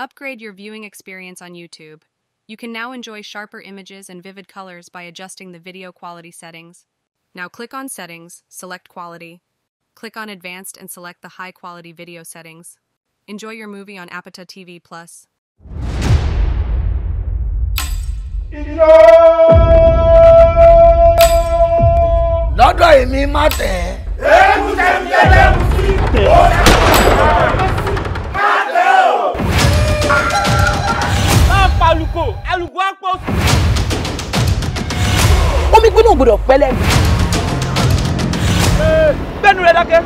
Upgrade your viewing experience on YouTube. You can now enjoy sharper images and vivid colors by adjusting the video quality settings. Now click on Settings, select Quality. Click on Advanced and select the High Quality Video settings. Enjoy your movie on Apata TV+. Plus. lọ́dọ̀ èmi má tẹ̀. ń sí. àlùkò àlùkò àpò. omi gbóná gbọ́dọ̀ pẹ́ lẹ́nu. bẹ́ẹ̀ni rẹ̀ dákẹ́.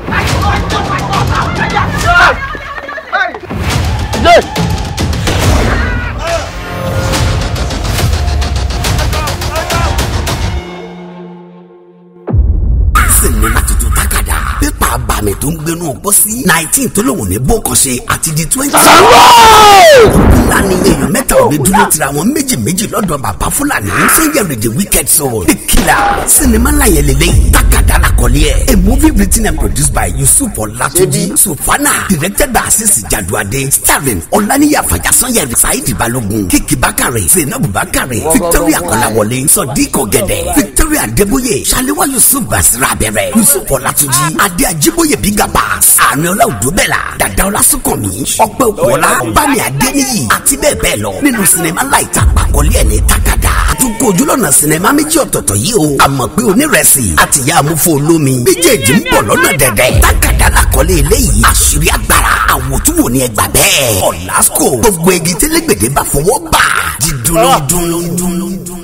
abàmì tó ń gbénú òpó sí nineteen tó lòun ní bókan ṣe àti di twenty. ọ̀pọ̀lá ni èèyàn mẹ́ta ò lè dúró tira wọn méjì méjì lọ́dọ̀ bàbá fúlàní fúnjẹ́ rèdè wicked soul the killer sinimá láyé lélẹ́yìn takàdá làkọ́lé ẹ̀ a movie written and produced by yusuf ọlátúnjí sufana directed by asisi jaduade starring ọláníyà fàjàsọ́yẹ̀rì saidi Balogun, kìkì bákàrẹ̀ zainab bákàrẹ̀ victoria kọ́láwọlé sọ̀dí kọ̀gẹ̀dẹ̀ victoria Debuye, saliwa yusuf basira abẹ́rẹ́ yusuf ọlátúnjí adé aj jíbóyè bí gàba àárín ọlá òdó bẹ́ẹ̀ la dàda ọlá sọkànmí ọpẹ́ òkúọlá bámi adéníyì àti bẹ́ẹ̀ bẹ́ẹ̀ lọ nínú sinimá láìta àpàkọ́lé ẹ̀ ní takada àtúkọ̀ ojúlọ́nà sinimá méjì ọ̀tọ̀ọ̀tọ̀ yìí o àmọ̀ pé onírẹ̀sì àtìyá amúfo olómi méjèèjì ń bọ̀ lọ́nà dẹ̀dẹ̀ takada làkọ́lé eléyìí àṣírí agbára àwòtúwò ni ẹgbà bẹ́ẹ̀ ọ̀làsíkò gbogbo egi télégbèdé bá fọwọ́ bà dídùn dùn dùn dùn.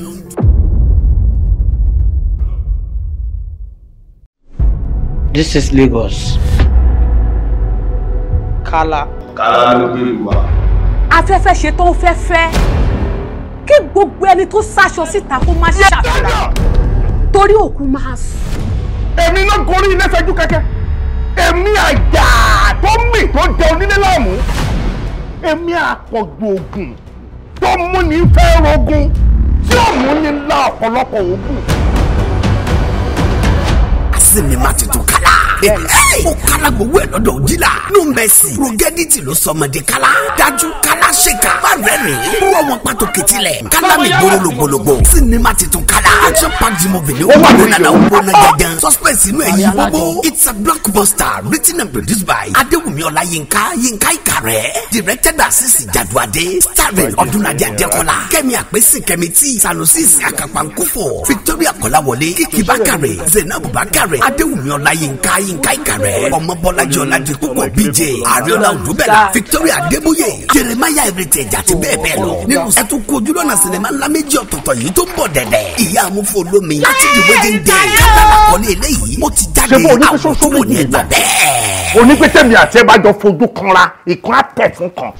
This is Lagos. Kala. Kala ló gbé ìwà. Afẹ́fẹ́ ṣe tó ń fẹ́fẹ́. Kí gbogbo ẹni tó sáṣọ síta kó má ṣàfihàn. Torí òkú máa sùn. Èmi náà gorí ilé fẹjú kẹ̀kẹ́. Èmi àjà tó mì tó jẹ onílé láàmú. Èmi àpọ̀jù ògùn tó múni fẹ́ rogun tí ò múni la ọ̀pọ̀lọpọ̀ ògùn sì mi má ti tún kálá. mo kálá gbowó ẹ̀ lọ́dọ̀ la. nù bẹ́ẹ̀ sì rogẹ́dìtì ló sọmọdé kálá. dájú kálá ṣèkà má rẹ́rìn. wọ́n wọn pàtó kìtìlẹ̀. kálá mi gbóró lògbòlògbò. sinima ti tún kálá. action packed movie ni ó wà lónìí náà ó gbóná jẹjẹn. suspense inú ẹ̀ gbogbo. it's a blockbuster written and produced by adéwùmí Yinka yínká ìkàrẹ́. directed by sisi jaduade. starring ọdúnladé adékọlá. kẹ́mi àpèsè kẹ́mi tí. sanusi àkàpàǹkófò. victoria kọ́láwọlé kìkì bákàrẹ̀ zainab bákàrẹ̀ adéwùmí ọláyínká yínká ìkàrẹ́ ọmọbọ́lájí ọ̀làdì púpọ̀ bíje àríọ́lá òdùbẹ̀là victoria adébóyè jeremaya ìrètè ẹ̀jà ti bẹ́ẹ̀ bẹ́ẹ̀ lọ nínú ẹtù kú ojúlọ́nà sinimá ńlá méjì ọ̀tọ̀ọ̀tọ̀ yìí tó ń bọ̀ dẹ̀dẹ̀ ìyá amúfolomi láti dìbò dé ń dé kátàlá kọ́lé eléyìí ó ti jáde àwọn tó wò ní ẹgbà bẹ́ẹ̀. onípẹ́tẹ́mi àti ẹ bá jọ fojú kanra ìkan àtẹ̀ fún kan.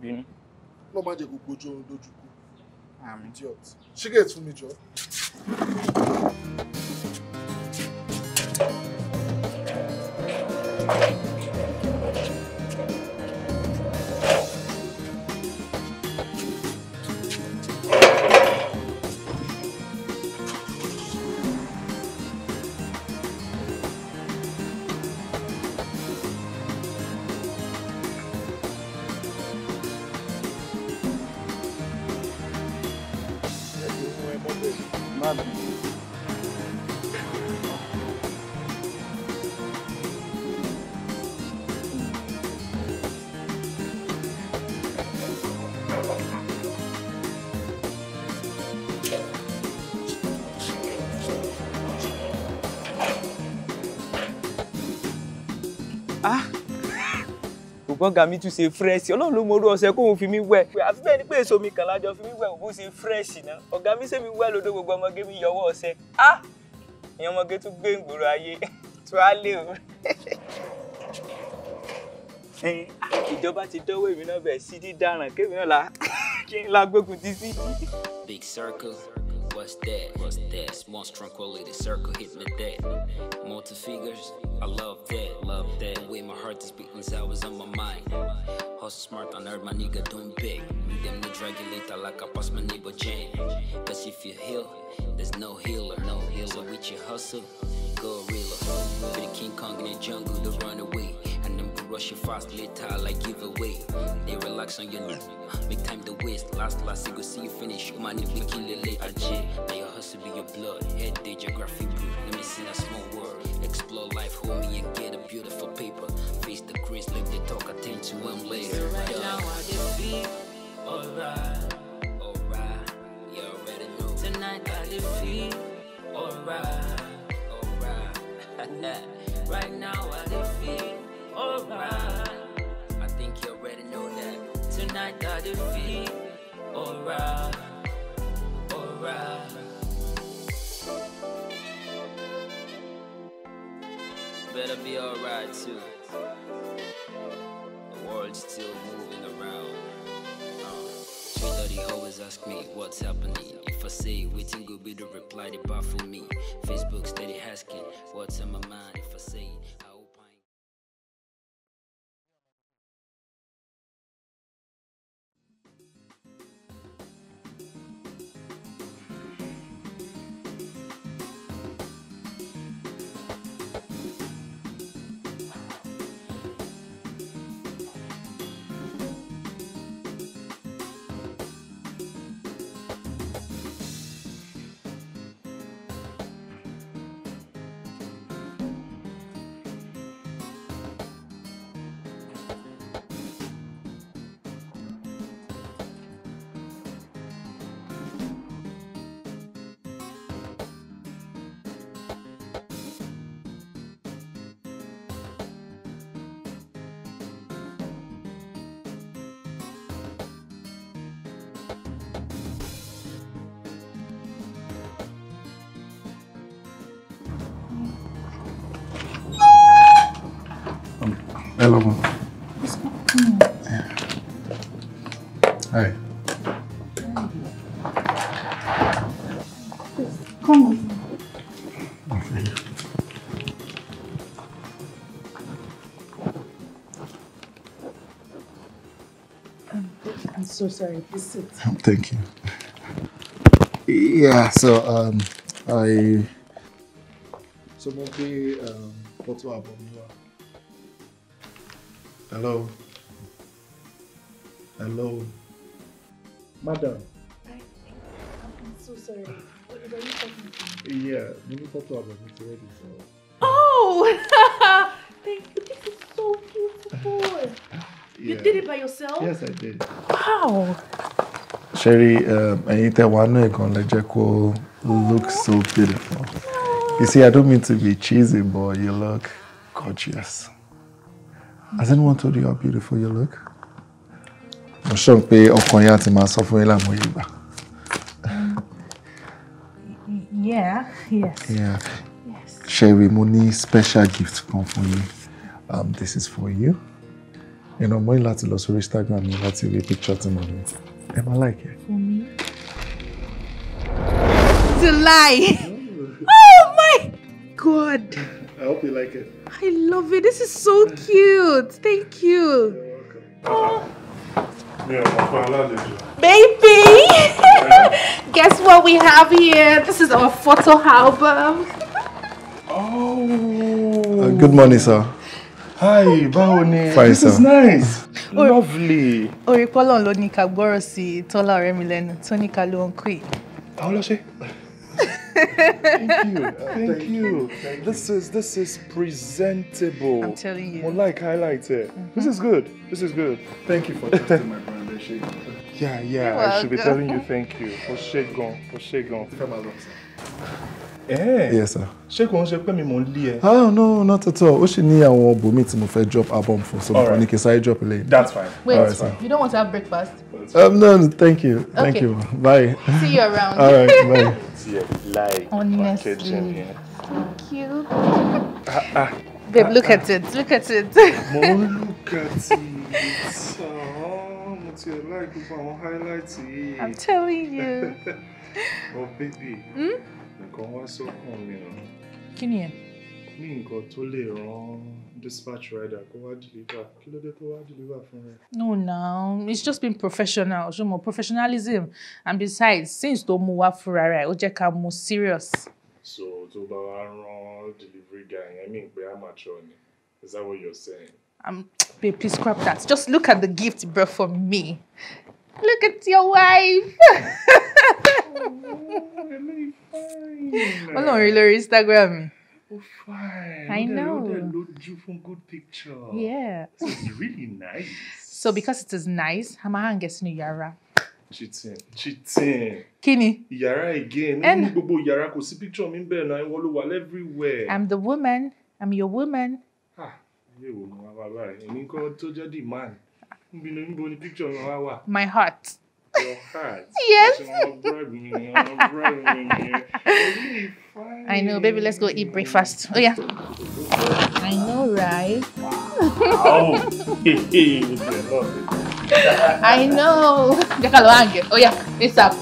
bínú. lọ́ọ́ má jẹ́ gbogbo ojú oorun lójú kú. àmì idiot ṣígẹ̀tì fún mi jọ. thank you kọ́gà mi tún ṣe fírẹ́ṣì ọlọ́run ló morú ọṣẹ kóun fi mí wẹ̀ àfi bẹ́ẹ̀ ni pé èso mi kàn lájọ fi mí wẹ̀ òun ṣe fírẹ́ṣì náà ọ̀gá mi ṣe mi wẹ̀ lódò gbogbo ọmọge mi yọwọ́ ọṣẹ á ìyẹn ọmọge tún gbé ìgboro ayé tó á lé o. ìjọba ti dọ́wọ́ èmi náà bẹ̀ sí dídáràn kémi náà la gbógun ti sí. Big circle. what's that? What's that? Small tranquility circle, hit me that. Multi figures, I love that. Love that. The way my heart is beating, I was on my mind. Hustle smart, on earth, my nigga doing big. Me them the regulator like I pass my neighbor Jane. Cause if you heal, there's no healer. No healer. So with your hustle, gorilla. Be the King Kong in the jungle, the runaway rush you fast later, like give away. They relax on your knee, make time to waste. Last, last, you go see you finish. Oh man, if we kill late, Ajay. Now your hustle be your blood, head day, geography group. Let me see that small world. Explore life, homie, and get a beautiful paper. Face the grace, live the talk, attend to him later. So right yeah. now, I just feel alright. Alright, you already know. I feel alright. Alright. right now, I just feel alright. I think you already know that. Tonight I to feel alright, alright. Better be alright too. The world's still moving around. Uh, Three thirty always ask me what's happening. If I say waiting, go be the reply they baffle me. Facebook steady asking what's on my mind. If I say Hello. What's going on? Hi. Come I'm so sorry. Please sit. Thank you. Yeah, so um, I. So maybe um, photo album. Hello. Hello. Madam. I, I'm so sorry. are you talking Yeah, Mimi talked about it already, so. Oh! Thank you. This is so beautiful. yeah. You did it by yourself? Yes, I did. Wow. Sherry, um, Anita Wano Ekonle Jeko looks so beautiful. You see, I don't mean to be cheesy, but you look gorgeous. Has anyone told you how beautiful you look? I'm sure pé ọkàn yín á ti máa sọ fún yín láàmú ìgbà. Yeah, yes. Yeah. Yes. Sherry, mo special gift kan fún yín. Um, this is for you. You know, mo ní láti lọ sórí Instagram mi láti rí picture tí mo ní. Ẹ máa like it. For me? To lie. Oh my God. I hope you like it. I love it. This is so cute. Thank you. You're welcome. Oh. Baby! Guess what we have here? This is our photo album. oh. Uh, good morning, sir. Hi, báwo ni? This is nice. Oh, Lovely. Orí you call ní Lonika gbọ́rọ̀ sí Tọ́lá remilen mi lẹ́nu tó ní ká thank you, thank, you. this is this is presentable. I'm telling you. More like highlighter. Mm -hmm. This is good. This is good. Thank you for trusting my brand, Yeah, yeah. You're I welcome. should be telling you thank you for Shagon. For Shagon. Come along, sir. Eh? yes sir. ṣé kò ń ṣe pé mi mò ń lé ẹ. ah no not at all ó sì ní àwọn bòmí tí mo fẹ́ drop album for so mo ní kí n drop ilé. that's fine. wait all right, you don't want to have breakfast. Um, no, no thank you okay. thank you bye. see you around. all right bye. like honestly thank you. ah, ah, babe look at it look at it. mo look at it. mo ti ẹ̀ láì gbogbo àwọn highlights yìí. i'm telling you. oh baby. Hmm? nǹkan wá sọ́kàn mi o. kí ni ẹ. ní nǹkan tó lè ràn dispatch rider kó wá deliver kí ló dé kó wá deliver fún rẹ. no now it's just been professional ṣùgbọ́n professionalism and besides since tó mú wá fúnra rẹ̀ ó jẹ́ ká mú serious. so tó bá wá rán delivery guy yẹn mi pé amateur ni is that what you're saying. Um, babe please scrap that just look at the gift he brought for me Look at your wife. Ọlọ́run oh, lórí Instagram mi. Oh, fine. I know. I load you from good picture. Yeah. it's really nice. So because it is nice, I'm going to get yàrá. Cheating. Cheating. Kini. Yàrá again. And gbogbo yàrá kò sí picture mi bẹ́ẹ̀ náà ìwọ ló wà everywhere. I'm the woman. I'm your woman. Ah, you know, I'm a man. Èmi kọ́ tó jẹ́ the man. My heart. Your heart. yes. I know, baby. Let's go eat breakfast. Oh yeah. I know, right? I know. Oh yeah. It's up.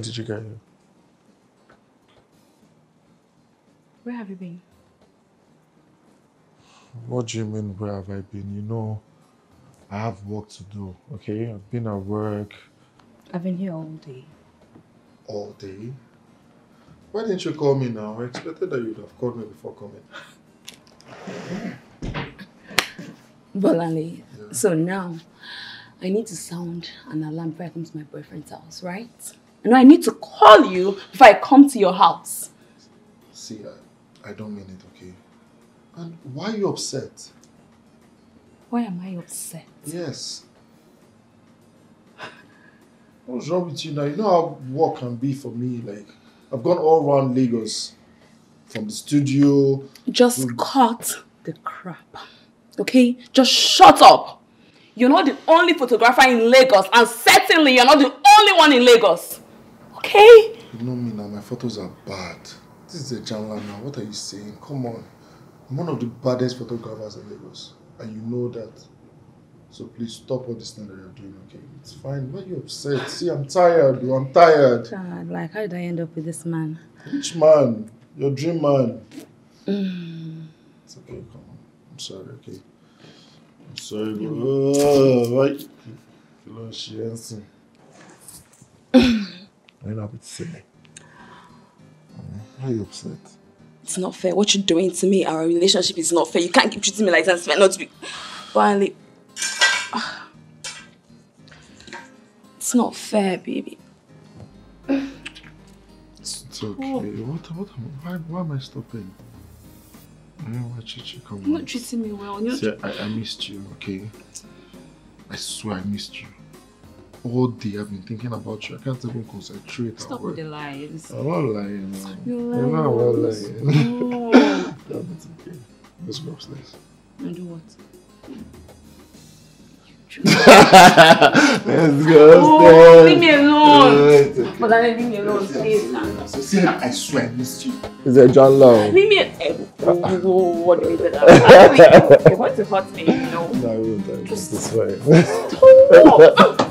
department did you get Where have you been? What do you mean, where have I been? You know, I have work to do, okay? I've been at work. I've been here all day. All day? Why didn't you call me now? I expected that you'd have called me before coming. Bolani, yeah. so now I need to sound an alarm before I come to my boyfriend's house, right? No, I need to call you before I come to your house. See, I, I don't mean it, okay? And why are you upset? Why am I upset? Yes. What's wrong with you now? You know how work can be for me. Like, I've gone all around Lagos. From the studio. Just to... cut the crap. Okay? Just shut up. You're not the only photographer in Lagos, and certainly you're not the only one in Lagos. Okay? You know me now, my photos are bad. This is a Janla now. What are you saying? Come on. I'm one of the baddest photographers in Lagos. And you know that. So please stop all this thing that you're doing, okay? It's fine. Why are you upset? See, I'm tired, oh, I'm tired. God, like, how did I end up with this man? Which man? Your dream man. Mm. It's okay, come on. I'm sorry, okay? I'm sorry, bro. Mm. Oh, ah, right. Kí ló ń ṣe When up it's silly. Why are you upset? It's not fair. What you're doing to me, our relationship is not fair. You can't keep treating me like that. It's not to be. Finally. It's not fair, baby. It's okay. What, what, why, why am I stopping? I don't want to you. Come You're not treating me well. You're See, I, I missed you, okay? I swear I missed you all day. I've been thinking about you. I can't even concentrate. Stop with the lies. I'm not lying. You're lying. You're not lying. No. no, okay. Let's go upstairs. And do what? Let's go oh, upstairs. leave me alone. But I leave me alone, please. So see, I swear, I missed you. Is it John Long? Leave me alone. Oh, what do you mean that? You want to hurt me, you No, I won't. Just this way. Stop.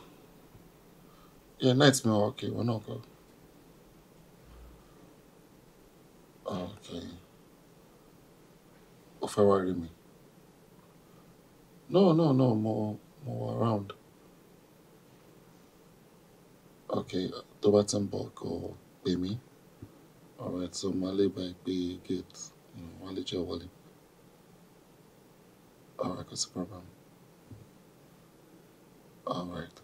Yeah, Knights okay. We're not good. Ah, okay. Ó fẹ́ wá rí No, no, no. more, more around. Okay. Tó bá ti ń bọ̀ kó pè mí. Alright, so Mali lè pay. Get pé gate. Wọ́n lè jẹ́ wọlé. Alright, kò sí problem. Alright.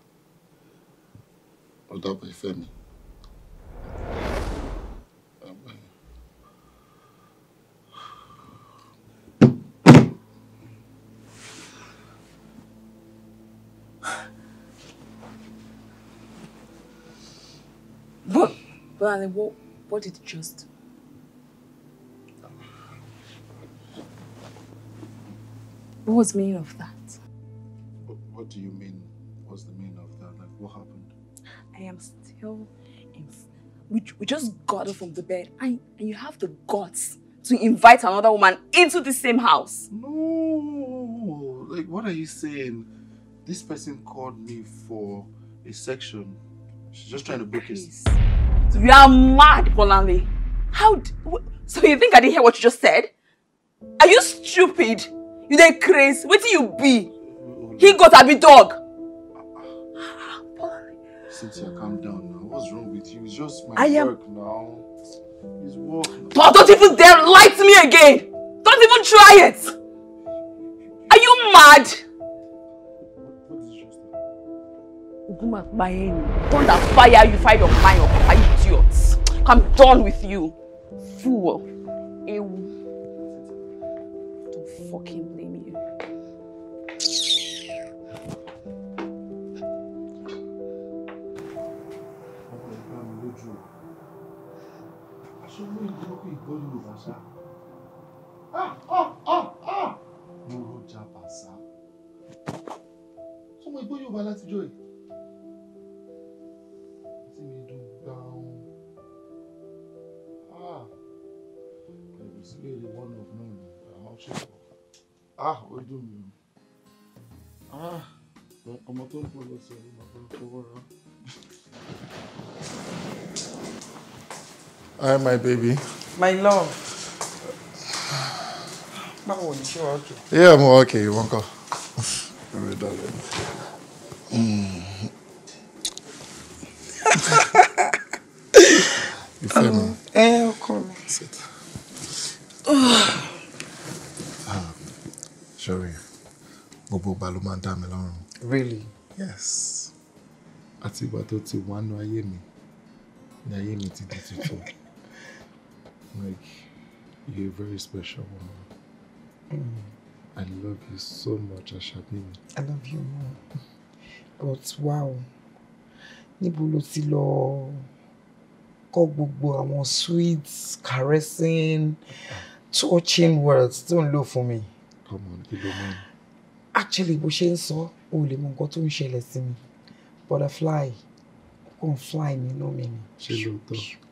what, what did you just do? What was the meaning of that? What, what do you mean? What's the meaning of that? Like, what happened? I am still in. We, we just got up from the bed and, and you have the guts to invite another woman into the same house. No, like what are you saying? This person called me for a section. She's just trying to break us. You are mad, Polanle. How? So you think I didn't hear what you just said? Are you stupid? You are crazy? What do you be? He got a big dog. Cynthia, calm down now. What's wrong with you? It's just my I work am... now. It's work now. But don't even dare lie to me again! Don't even try it! Are you mad? Uguma Mayeni, don't fire you fire your mind you idiots? I'm done with you. Fool. Ew. Don't fucking blame you. ṣé ní ìjọ pé ìgbọ́ yorùbá ṣá mo rọjà bàṣá sọmọ ìgbọ́ yorùbá látijọ́ yìí tí mi dùn gbà ọ́n ah! ẹ̀rù sílẹ̀ èrè one of nine àwọn ṣèkọ̀ ah! ó dùn mí o ah! ọmọ tó ń bọ̀ lọ sí ọ̀rọ̀ bàbá fọwọ́ ra. Hi, my baby. My love. Báwo ni ṣé wàá Yeah, mo okay, wọ́n kọ́. Ẹ̀rọ ìdálẹ́. Ìfẹ́ mi. Ẹ ọkọ mi. Ṣọ́rí, um, gbogbo ìgbà ló máa ń dá mi lọ́rùn. Really? Yes. Àti ìgbà tó ti wánú ayé mi ni ayé mi ti di tuntun. Like, you're a very special woman. Mm. I love you so much, Ashabimi. I love you more. But wow, níbo lo ti lọ kọ́ gbogbo àwọn sweet, caressing, touching words Don't look for me. Come on, kí ló mọ̀? Actually, bó ṣe ń sọ, o lè mọ nǹkan Butterfly, come ń fly nínú mi ni. Ṣé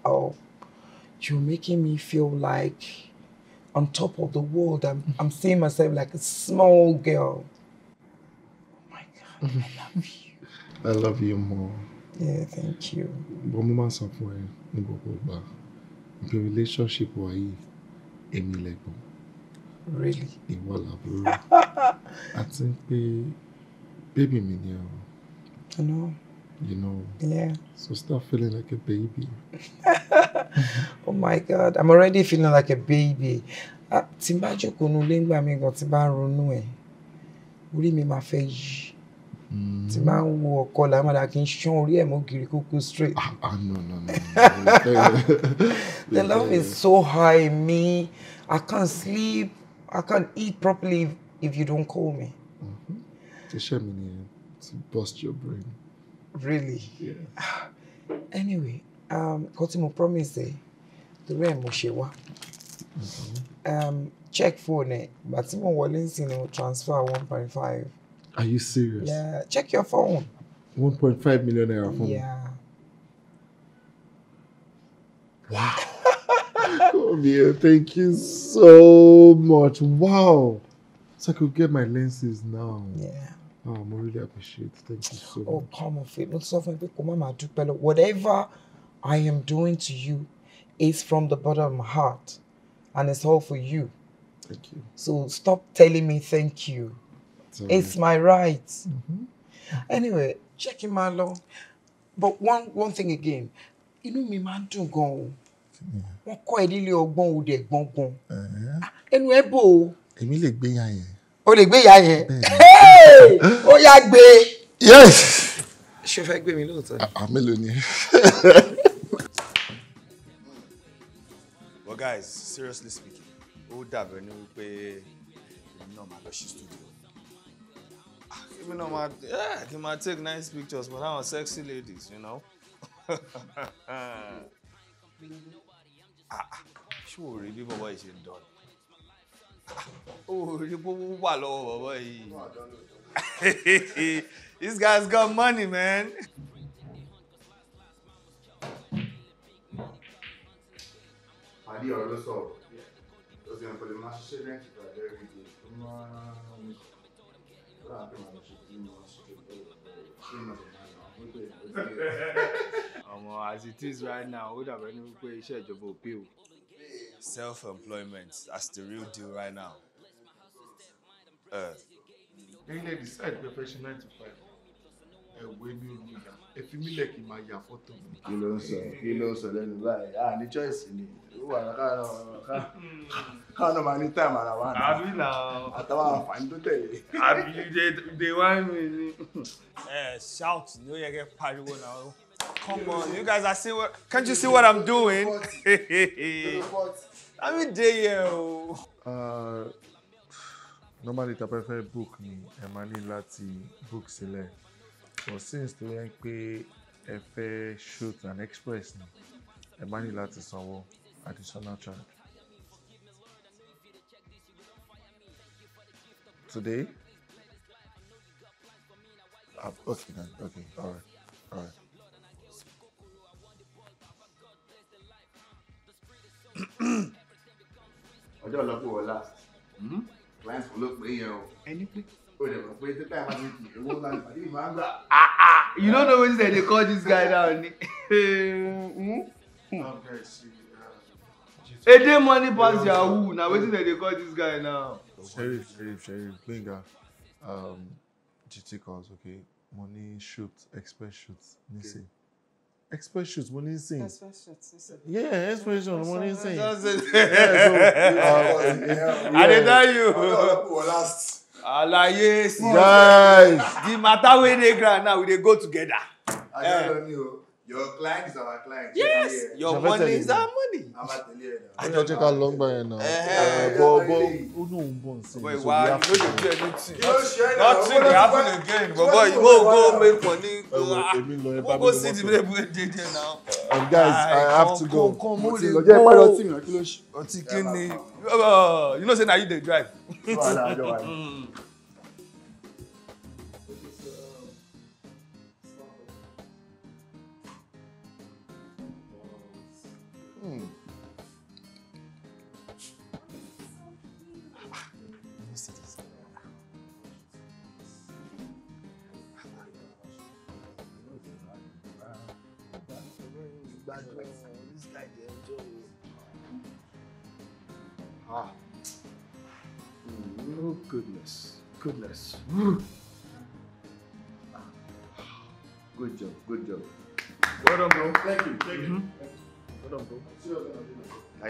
Oh. you're making me feel like on top of the world. I'm, I'm seeing myself like a small girl. Oh my God, I love you. I love you more. Yeah, thank you. But mo máa sọ fún ẹ ní gbogbo ìgbà relationship wa yìí èmi lẹ́gbọ̀n. Really? Ìwọ làbúrò. Àti pé bébì baby ni I know. you know. Yeah. So start feeling like a baby. oh my God, I'm already feeling like a baby. Ah, tí n bá mi gan tí n bá ń ronú ẹ̀, orí mi máa fẹ́ yí. Tí n bá ń wo ọkọ làmàdà kì í ṣán orí ẹ̀ straight. Ah, ah no no no. The love is so high in me. I can't sleep. I can't eat properly if, you don't call me. Ṣé mm-hmm. ṣẹ́ mi nìyẹn to bust your brain? really yeah. anyway um, Kotimo mo promise ẹ torí ẹ mo ṣe wá mm-hmm. um, check phone eh, but tí mo wọlé ń sìn transfer one point five. are you serious. yeah check your phone. one point five million naira fún yeah. wow. thank you so much. Wow. So I could get my lenses now. Yeah. Oh, mo really appreciate Thank you so oh, much. Oh, come on, Faith. Mo sọ fún ẹ pé kó má Whatever I am doing to you is from the bottom of my heart and it's all for you. Thank you. So stop telling me thank you. It's, it's my right. Mm-hmm. Anyway, check him out lọ. But one one thing again, You know, máa man, don't go. o. Wọ́n kọ́ ẹ nílé ọgbọ́n òde ẹ̀gbọ́n gan. Eh? Ah, ẹnu ẹ bò o. Èmi lè gbé ya yẹn. O lè gbé ya yẹn. Bẹ́ẹ̀ni. ó yá gbé. yes. ṣé fẹ́ gbé mi lóòótọ́. àmélòó ah, ah, ni. but guys seriously speaking ó dàbẹ̀ ni wípé èmi náà máa lọ sí studio ah, èmi náà máa kí n máa take nice pictures but àwọn sexy ladies you know. ṣé o rí bí bọ́bọ́ yìí ṣe ń dán ni o rí bó wà lọ́wọ́ bọ́bọ́ yìí. These guys got money, man. as it is right now, ó dàbẹ̀ ní wípé iṣẹ́ ìjọba ò pé self employment that's the real deal right now. Uh, ẹ̀yin lè decide pé fẹ́ nine to five ẹ̀wọ̀ èmi ò ní ìyá ẹ fi mí máa ya fọ́tò kí ló ń sọ kí ló ń sọ lẹ́nu báyìí a ní choice ni wà káwọn máa ní time ara wa náà àtàwọn àǹfààní tó tẹ̀lé. àbí de wá mi ni. ẹ shout ni ó yẹ kẹ́ pariwo náà o come on you guys are seeing what can't you see what i'm doing. let me dey here o. Uh, normally tá a bá fẹ́ book ni ẹ máa ní láti book sílẹ̀ but since tó yẹn pé ẹ fẹ́ shoot an express ni ẹ máa ní láti sanwó additional charge. Today? Uh, okay, then. Okay, all right, all right. ọjọ́ ọlọ́gbọ̀n wọlá clients ló pé yẹn o. ẹni pé. Ah, ah, you don't know wetin dem dey call this guy now ni. Hmm? Hmm. Uh, ede money pass yahoo na wetin dem dey call this guy now. sheriff sheriff sheriff Plinga. um, gt calls okay money shoot express shoot nisi. Okay expert shoot mo ní sìn. expert shoot yeah expert shoot mo ní sìn. I dey uh, tell you. alaye si guys the matter we dey ground now we dey go together. ayé lọ ni Your clients are our clients. Yes, your money is our money. I'm jẹ́ ká lọ gbà yẹn náà. Bọ̀ bọ̀ ó nù ń bọ̀ sí. Bọ̀ ìwà yóò lè do anything. Nothing will happen again. you ìwọ go make money. Ah. Èmi lọ ẹ Go see the way we dey there now. Um, guys, ah, I have to go. Come ti lọ jẹ́ ìpàdé ọtí mi náà kí ló ṣe. Ọtí kí ni? Oh, you know say na you dey drive.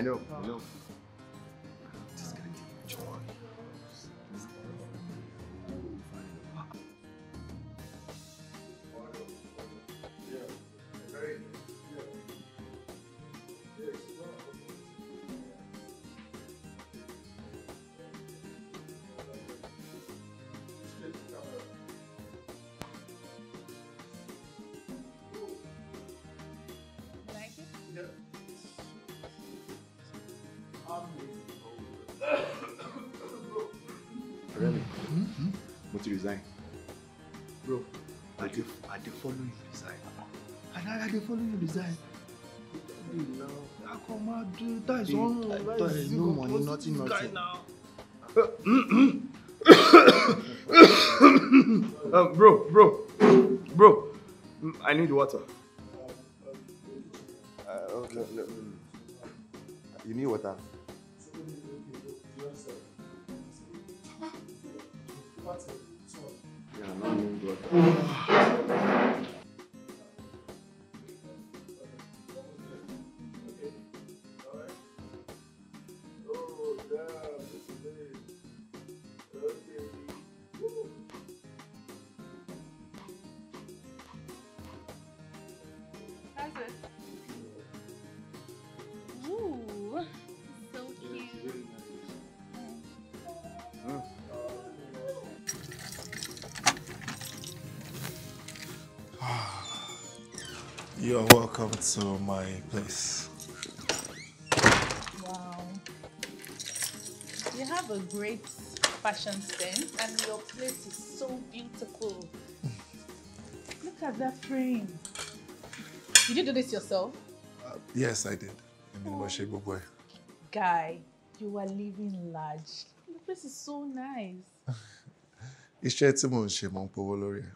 Valeu. Valeu. to resign. Bro, I dey I dey follow you resign. And I dey follow you resign. come I do? That is no money, nothing, nothing. uh, bro, bro, bro, mm, I need water. Uh, okay, no, no. You need water. What? não não Come to my place. Wow. You have a great fashion sense and your place is so beautiful. Look at that frame. Did you do this yourself? Uh, yes, I did. I'm in Washington, boy. Guy, you are living large. The place is so nice. It's tí mò ń ṣe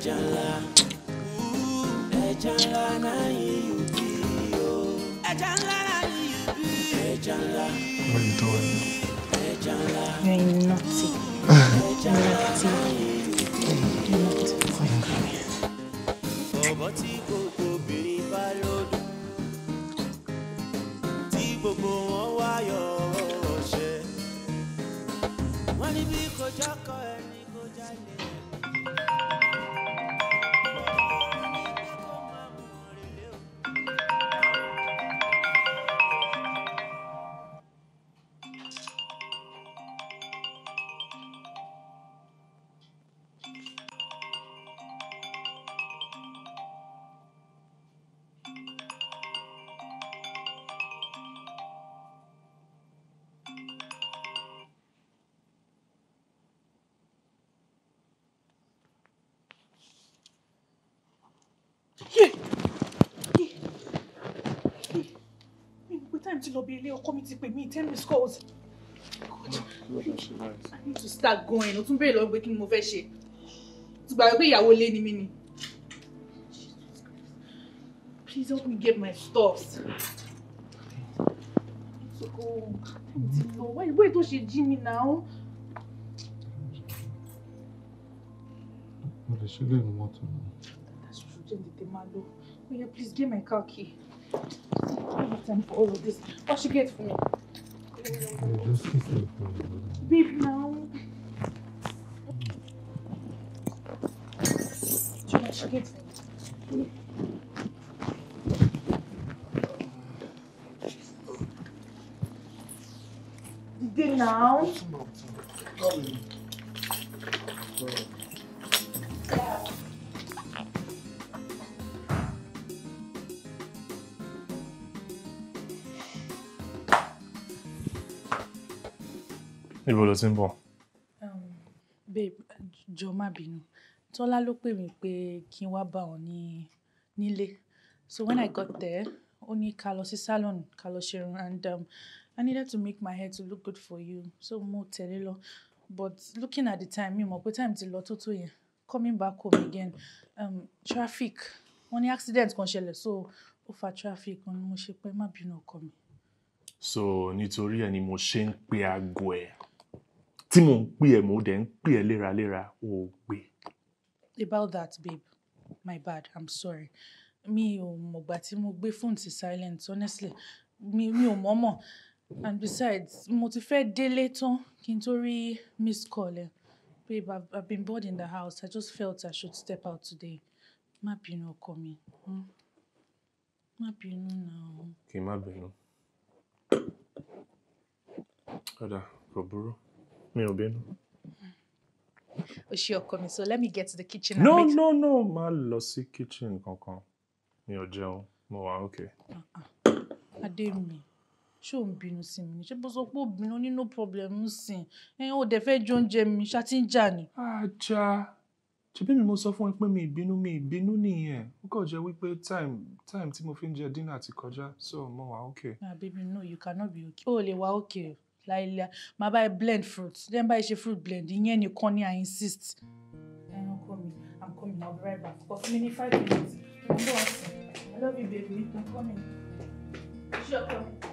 ẹja ńlá ẹja ńlá náà yìí yóò bí o ẹja ńlá náà yìí yóò bí ẹja ńlá. What are you doing? You're naughty. You're naughty. ti lọ bí ilé ọkọ mi ti pè mí ten minutes calls. I need to start going. O tún bèrè lọ́wọ́ pé kí ni mo fẹ́ ṣe. Ti gbàgbé pé ìyàwó ilé ni mí ni. Please help me get my stuffs. Wait, tó ṣe jí mi náà. Mo lè ṣe lè mọ́tò náà. That's true, please get my car key. time for all of this. What she get for me? Beep now. What get for me? now. níbo ló ti ń bọ̀. Um, babe jọ má bínú tọ́lá ló pè mí pé kí n wá bá òun ní nílé so when i got there ó ní ká lọ sí salon ká lọ ṣerun and um, i needed to make my hair to look good for you so mo tẹ̀lé lọ but looking at the time mi mọ̀ pé time ti lọ tó tó yẹn coming back home again um, traffic wọ́n ní accident kan ṣẹlẹ̀ so ó fa traffic wọ́n ní mo ṣe pé má bínú ọkọ mi. so nítorí ẹ ni mo ṣe ń pe aago ẹ tí mò ń pè ẹ́ mò ń dẹ̀ ń pè ẹ́ léraléra ò gbé. about that babe my bad i'm sorry mi ò mọ̀gbà tí mo gbé fóònù sí silent honestly mi mi ò mọ̀ọ́mọ̀ and besides mo ti fẹ́ délé tán kí n tó rí miss call ẹ babe I've, i've been bored in the house i just felt i should step out today má bínú ọkọ mi hmm? má bínú náà. kì í má bínú. ọ̀dà kò burú. Me ò bínú. o ṣe ọkọ mi so let me get to the kitchen. no make... no no má lọ sí kitchen kankan mi ò jẹun mo wà okay. Ah, ah, adé mi ṣé ò ń Binu sí mi ṣé bó sọ pé ó bínú ní no problem sí i ẹ ò dẹ fẹ́ jẹ oúnjẹ mi ṣáàtì ń jà ni. ajá ṣebí mi mo sọ fún ẹ pé mi ìbínú mi ìbínú nìyẹn ó kàn jẹ́ wípé time time tí mo fi ń jẹ dinner ti kọjá so mo wà okay. ah baby no you cannot be okay. o lè wà okay láìláì máa bá ẹ blend fruit then bá ẹ ṣe fruit blend ìyẹn nìkan ni i insist. ẹran kọ mi i'm coming i'll be right back kọ fún mi five minutes i love you baby i'm coming. Sure coming.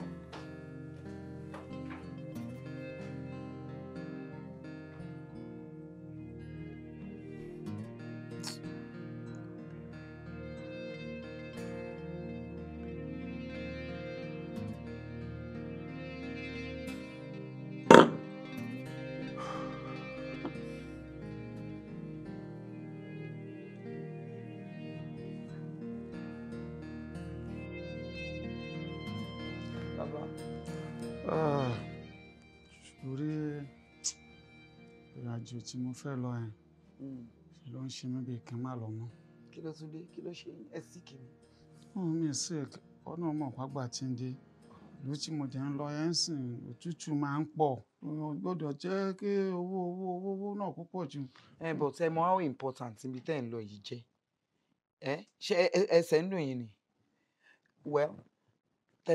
bàbá ṣùgbọ́n ah. ìrìnàjò tí mo fẹ́ lọ yẹn ṣe hmm. ló ń ṣe mí bíi kí n má lọ mọ́. kí ló tún dé kí ló ṣe ẹ sí kìíní. fún mi sí ẹ̀kọ́ ọ̀nà mọ̀ pàgbà tí ń dé ìlú tí mo dẹ̀ ń lọ well tẹ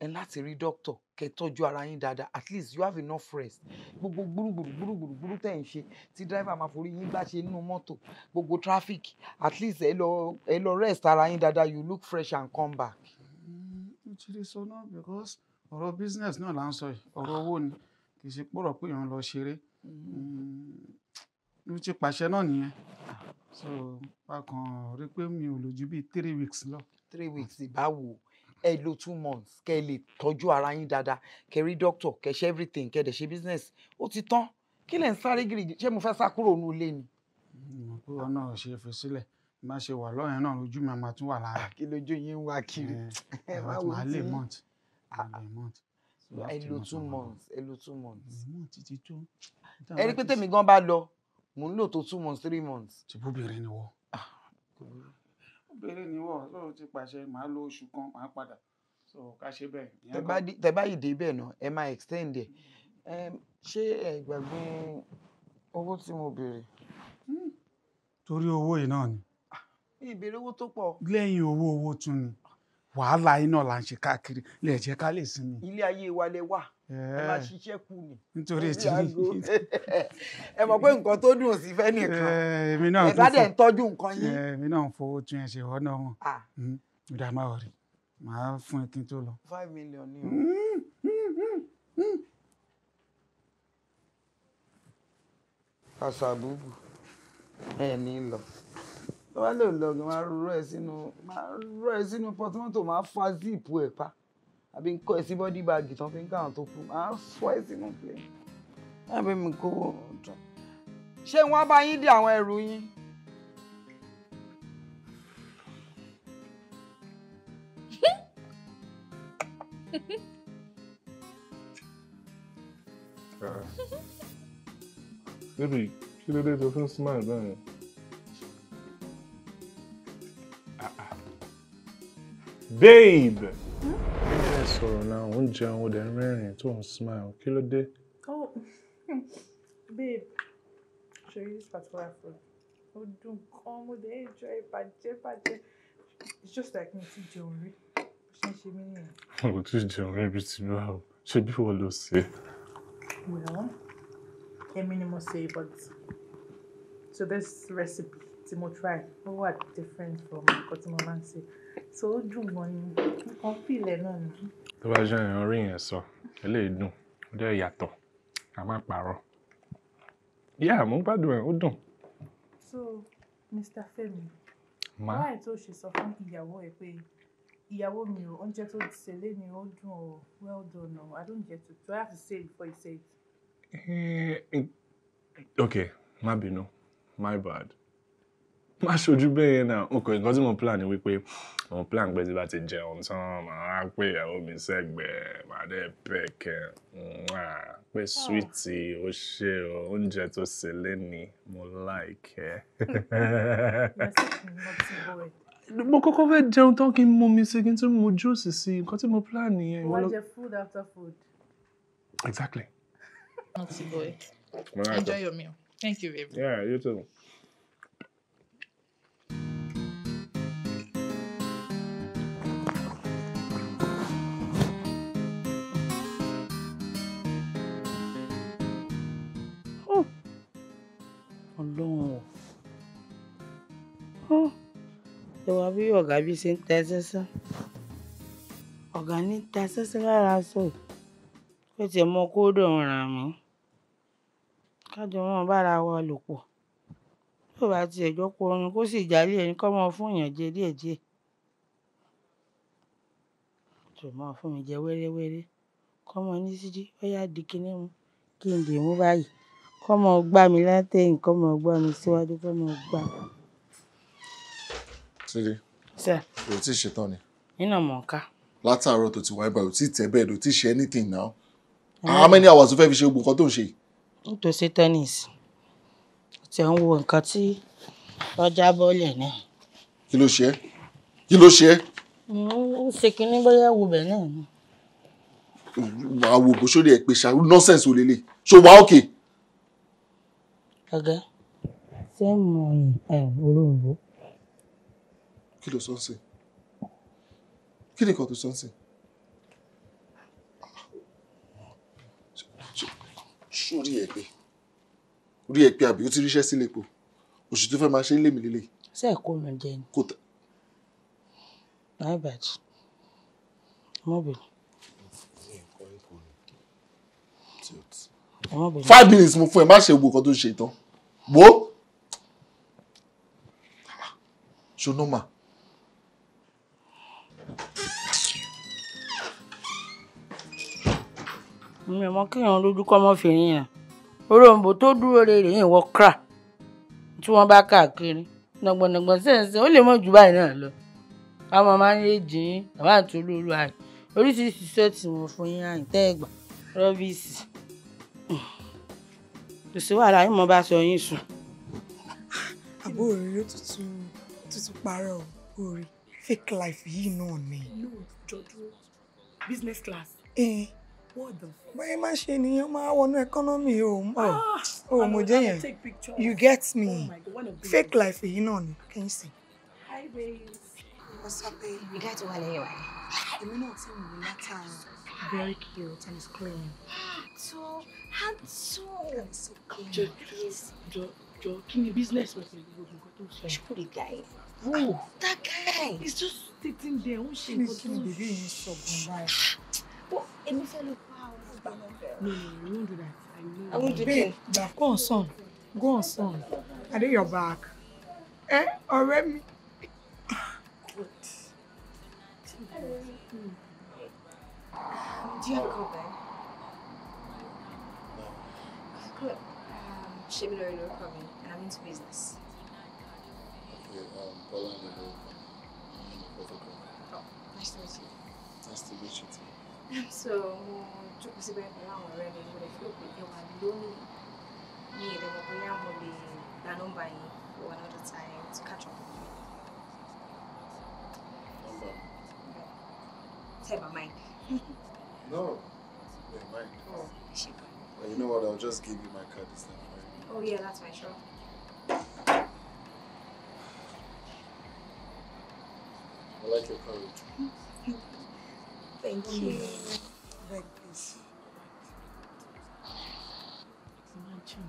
ẹ láti rí dókítà kẹ tọ́jú ara yín dáadáa at least you have enough rest gbogbo gbúrúgbùrú gbúrúgbùrú gbúrú tẹ̀ ń ṣe tí driver máa forí yín gbá ṣe nínú mọ́tò gbogbo traffic at least ẹ lọ ẹ lọ rest ara yín dáadáa you look fresh and come back. mo ti lè sọ náà because ọ̀rọ̀ business náà là ń sọ yìí ọ̀rọ̀ owó ni kì í ṣe pọ̀rọ̀ pé èèyàn lọ ṣeré ló mm-hmm. ti pàṣẹ náà nìyẹn so bákan rí pé mi ò lò ju bíi three weeks lọ. three weeks ìbáwo ẹ lò two months kẹ́ ẹ lè tọ́jú ara yín dáadáa kẹ́ rí doctor kẹ́ ṣe everything kẹ́ dẹ̀ ṣe business ó ti tán kí lẹ̀ ń sáré gírí ṣé mo fẹ́ sá kúrò nínú ilé ni. ìmọ̀kúrò náà ṣe é fi sílẹ̀ má ṣe wà lọ́yìn náà lójú mi máa tún wà lára. kí lójú yín wá kiri. ẹ bá wọ́n ti máa lè month. ẹ lò two months ẹ lò two months. ẹ rí pé tèmi gan bá lọ mò ń lò tó two months three months. ṣùgbọ́n ni wọ́n. Ah, béèrè níwọ̀ lóòótọ́ ti pàṣẹ màá lo oṣù kan màá padà so ká ṣe bẹ́ẹ̀. tẹ bá ìdè bẹ́ẹ̀ náà ẹ máa extend ẹ ṣé ẹ gbàgbé owó tí mo béèrè. Hmm. torí owó yìí náà ni. Ah, ìbéèrè owó tó pọ̀. lẹ́yìn owó owó tún ni wàhálà iná là ń ṣe káàkiri lè jẹ́ ká lè sinmi. ilé ayé wa lẹ wà ẹ máa eh. ṣiṣẹ́ kù ni. nítorí ètí ẹ mọ̀ pé nǹkan tó dùn sí fẹ́ nìkan eh, ẹ bá dẹ̀ ń tọ́jú nǹkan yín. Eh, èmi náà ń fowó tún ẹ ṣe ọ̀nà wọn ìdá hmm, máa rí màá fún ẹ kí n tó lọ. five million ni o. aṣọ hmm, hmm, àbúbù ẹ ní lọ tó bá lè lọ máa rọ ẹ sínú máa rọ ẹ sínú pọtumọtò máa fa zip ẹ pa àbí nǹkan ẹ̀ sí bọ́dí báàgì tán fi ń káwọn tó kú máa sọ ẹ̀ sínú pé àbí mi kó tán. ṣé wọ́n bá yín dé àwọn ẹrù yín. Baby, kí ló dé tó fi smile báyìí? Ah, ah. Babe! sọ̀rọ̀ náà ò ń jẹun ó dẹ̀ ń rẹ́rìn tó ń smile kí ló dé. oh babe ṣe rí this particular food ó dùn gan mo dẹ̀ ń jọ ìbàjẹ́ bàjẹ́ it's just like me, ti jẹun rí ṣe ń ṣe mí nìyẹn. mo ti jẹun rí ibi tí mi wà ṣe bí wọ́n ló ṣe. well èmi ni mo ṣe but so this recipe tí mo try ó wà different from nǹkan tí mo máa ń ṣe so ó dùn mọ́ ni nǹkan fìlẹ̀ náà ni. tó bá jẹ́ ìran orí yẹn sọ eléyìí dùn ó dẹ̀ yàtọ̀ ká má parọ́ yá mo ń gbádùn ẹ̀ ó dùn. so Mr. Femi wáyé tó ṣe sọ fún ìyàwó ẹ pé ìyàwó mi ò oúnjẹ tó ti ṣe ni ó dùn ọ well done o I don't get to do I have to say it before you say it. Eh, ok má bínú my bad má ṣojú bẹ́ẹ̀ yẹn náà ok nǹkan tí mo plan ni wípé mo plan pé tí bá ti jẹun tán màá pè ìyàwó mi sẹ́gbẹ̀ẹ́ màá dẹ̀ pẹ̀kẹ́ pé ah. swiiti ó ṣe o oúnjẹ tó ṣe lẹ́ni mo like ẹ. mo kọ́kọ́ fẹ́ jẹun tán kí n mú mi sí kí n tún mu juice sí nǹkan tí mo plan nìyẹn. wọ́n jẹ food after food. exactly. Naughty boy. Enjoy your meal. Thank you, baby. Yeah, you too. Ọlọ́run o. Ẹ wá bí ọ̀gá bí ṣe ń ta ẹsẹ́sẹ́. Ọ̀gá ní ta ẹsẹ́sẹ́ lára sọ. Ó tiẹ̀ mọ kó dọ̀rùn ràn mí. Kájọ mọ́ bára wa lò pọ̀. Bí ó bá ti ẹ̀jọ́ kó orin kó sì jálè ẹni kó máa fún èèyàn jẹ díẹ̀díẹ̀. Jọ máa fún mi jẹ wẹ́rẹ́wẹ́rẹ́. Kọ́ mọ ní sídí, ó yá di kiní mu kí n lè mú báyìí. Kọ́ mọ gbá mi látẹ̀yìn, kọ́ mọ gbá mi síwájú, kọ́ mọ gbá. Túndé. Sir. O ti ṣetán ni. Iná mọ̀ ọ́n ká. Látàárọ̀ tó ti wá ibà, o ti tẹ bẹ́ẹ̀, o ti ṣe anything now. How many hours o fẹ́ fi ṣe gbogbo nǹkan tó ń ṣe? N tó ṣe tennis. Tẹ̀ ń wo nǹkan tí ọjà bọ́ọ̀lẹ̀ náà. Kí ló ṣe ẹ́? Kí ló ṣe ẹ́? Ó ṣe kinní bóyá wo bẹ̀ náà ni. Wàá wo bó ṣó lè ẹ ò Ọ̀gá, ṣé mo yìn ẹ̀ òroǹbó? Kí ló sọ nsìn? Kí ni nǹkan tó sọ nsìn? Ṣé o rí ẹ pé? O rí ẹ pé àbí o ti ríṣẹ́ sílé epo? Oṣù tó fẹ́ máa ṣe ń lé mi lélẹ̀. Ṣé ẹ̀ kó mi jẹ ni? Kò tẹ̀. My bad. Má Five minutes mo fún ẹ, má ṣe gbogbo nǹkan tó ń ṣe tán wo sonoma. mi ò mọ kéèyàn lójú kọ́ mọ́ fèrè yẹn oròǹbó tó dúró rere yìí wọ kra tí wọ́n bá káàkiri nàgbọ̀nàgbọ̀n sẹ́ǹsẹ́ ó lè mọ̀ jù báyìí náà lọ káwọn máa ń lè jìn bàbá àti olóòlù àyè oríṣiríṣi iṣẹ́ tí wọ́n fún yín àyè tẹ́ ẹ̀gbà rọ́bìsì kò sí wàhálà yín mo bá sọ yín sùn. àbó òrì ló tutù tutù parọ́ òrì fake life yìí náà ni. no jọdún business class. Eh bóyá má ṣe nìyẹn máa wọnú ẹkọ́nọ́mì o mọ̀ ah, Oh, oh mo jẹ́ yẹn you get me oh fake life èyí náà ni kí n sì. babe? You get ìdájọ́ wà lẹ́yìn wa. èmi náà ti wù mí látàárọ̀ very cute and is clean. So handsome. And so clean. Jo, please. Jo, Jo, kí ni business with me. Show the guy. Who? that guy. He's just sitting there. Ó she? nǹkan tó ń bèbè yìí sọ gan-an. But èmi fẹ́ lọ pa No, no, you won't do that. I won't do that. Babe, go on, son. Go on, son. Are they your back. Eh, already. Do you have a cold No. I've got um, shipment already coming, and I'm into business. Okay, um, Paula and Ebo, I'm a photographer. Um, oh, nice to meet you. Nice to meet you too. So, mo possible pa lang already, but if you could, you are lonely. Me, the Makoya will be Nanumbai for another time to catch up with you. Number? Okay. Take my mic. No. Yeah, mine. Oh, well, You know what? I'll just give you my card this time. Right? Oh, yeah, that's right. Sure. I like your courage. Thank you. Like this. Imagine.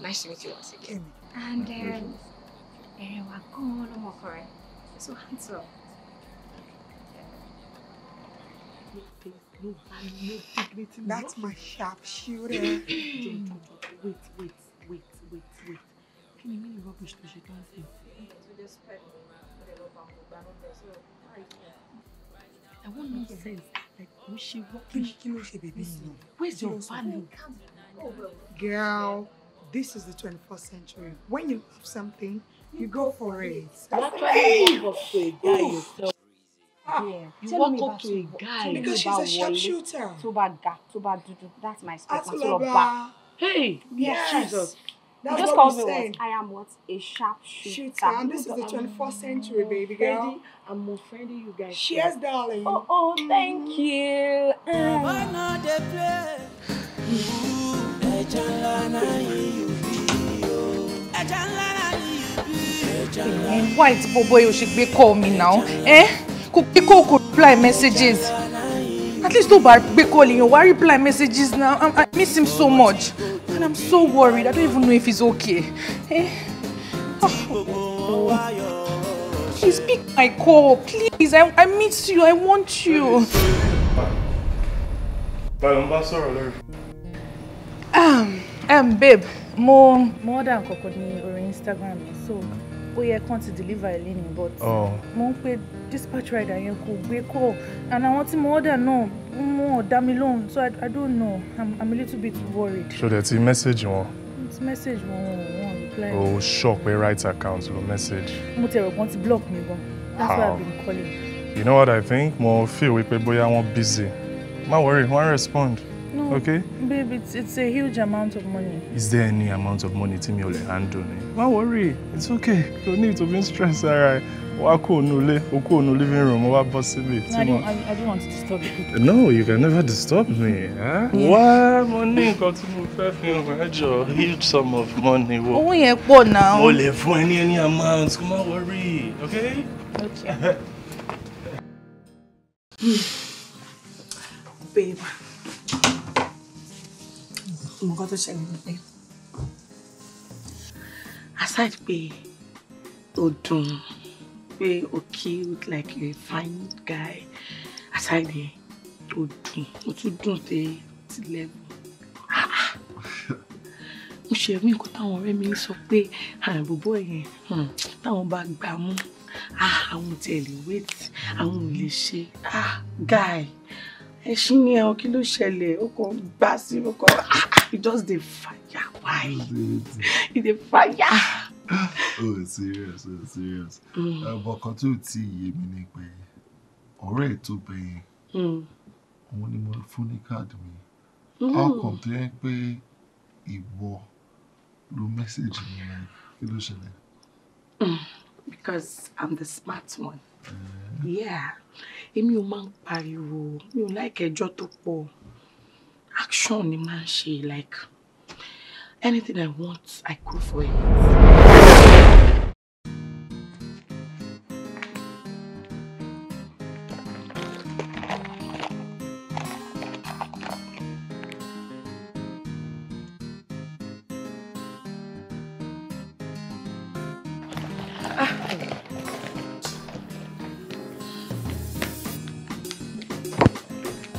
Nice to meet you once again. And um, Erin, Wakon, Omokore. You're so handsome. No, no dignity. That's my sharp shooter. John, wait, wait, wait, wait, wait. Can you mean rubbish to I want nonsense. Like, was she rubbish? Can you she baby? No. Where's your value? Girl, this is the 21st century. When you love something, you go for it. That's why you go for yourself yeah. you walk up to a guy because she's a sharpshooter tó bá ga tó dúdú that's my spec na hey yes Jesus. That's you just called me what? I am what? A sharp shooter. shooter. And this is the 21st century, baby girl. Friendly, I'm more friendly, you guys. Cheers, yeah. darling. Oh, oh, thank mm. you. Mm. White boy, you should be calling me now. Eh? Kiko could reply messages. At least no bar be calling you. Why reply messages now? I, I miss him so much. And I'm so worried. I don't even know if he's okay. Eh? Oh. Please pick my call. Please, I, I miss you. I want you. Um, um, babe, mo, mo order nǹkan kan ní orí Instagram, so ó yẹ kán ti deliver ẹ̀ lẹ́nu but oh. mo ń pe dispatch rider yẹn kò gbé call and àwọn tí mo order náà wọn ò dá mi lóhùn so I, I don't know I'm, I'm a little bit worried. ṣo dẹ̀ ti message wọn. ti message wọn wọn wọn reply. o sọ pé right account ló message. mo tẹ̀rọ̀ kan ti block mi gan that's How? why I've been calling. you know what I think mo feel wípé bóyá wọn busy Ma worry wọn respond okay? Babe, it's, it's a huge amount of money. Is there any amount of money tí mi ò lè handle Don't worry, it's okay. Kò ní ìtò bí ń stress ara ẹ̀. Wá kó living room, wá bọ́ síbi. No, I don't, want to disturb you. No, you can never disturb me. Eh? Wá mo ní nǹkan tí mo fẹ́ huge sum of money wo. Owó yẹn pọ̀ náà. Mo lè fún ẹ any amount, kò má worry, okay? Okay. Hmm. Babe nǹkan tó ṣẹlẹ̀ ni pé aside pé ó dùn pé ó cute like a fine guy aside yẹn e, ó dùn ó tún dùn dé ti level mo ṣe rí nǹkan táwọn ọ̀rẹ́ mi sọ pé àrùn gbogbo ẹ̀yẹn hmm, táwọn bá gbà mú ah, àwọn ò tẹ̀lé wait àwọn ò lè ṣe ah, guy ẹ̀ṣin ni ẹ̀ kí ló ṣẹlẹ̀ ó kàn gbá sí ó kàn. Ah, e just the fire why e the fire. Ah, oh serious oh serious ọbọ kan tó tí iye mi ni pé ọ̀rẹ́ ètò bẹyẹn mm. òun ni mo fún ní káàdì mi a mm. complain pé ìwọ ló mẹ́sẹ̀gì mi rẹ kí mm, because i'm the smart one. Eh. èmi ò máa ń pariwo you. ò láìka ẹjọ́ tó pọ̀. action the man she like anything I want I go for it.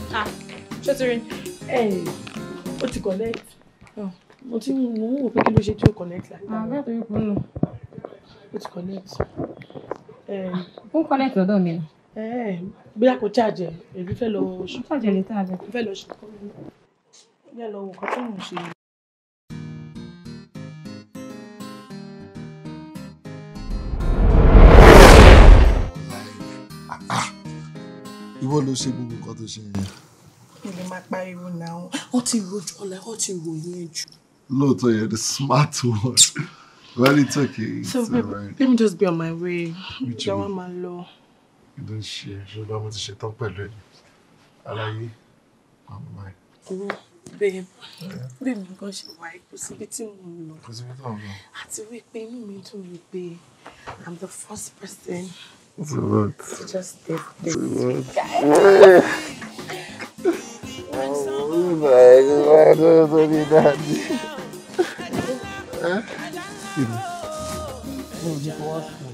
Ah, Catherine. ó ti connect oh. mo ti mú un wò pé kí ló ṣe tí ó connect láti. àwọn àgbà tó yẹ kó lò. ó ti connect. ó connect lọ́dọ̀ mi nà. bóyá kò charge ẹ̀ èmi fẹ́ lọ. charge lè charge. mo fẹ́ lọ ṣe kọ́ mi. bí ẹ lọ wò kọ́ tó ń ṣe. Ah, ah. ìwọ ló ṣe gbogbo nǹkan tó ṣe yẹn mi lè máa pariwo náà wọ́n ti rojú ọ̀la wọ́n ti ròyìn jù. lóòótọ́ you're the smart one well it's okay. so babe let me just be on my way ìjà wa máa lọ. ìdó ń ṣe ṣùgbọ́n mo ti ṣetán pẹ̀lú ẹ̀ aláyé màmá máa. babe babe nǹkan ṣe wà kò síbi tí mo ń lọ àti wípé inú mi dùn wípé i'm the first person. It's Just step, step, guys. Oh, velho, velho, autoridade. É? De plástico.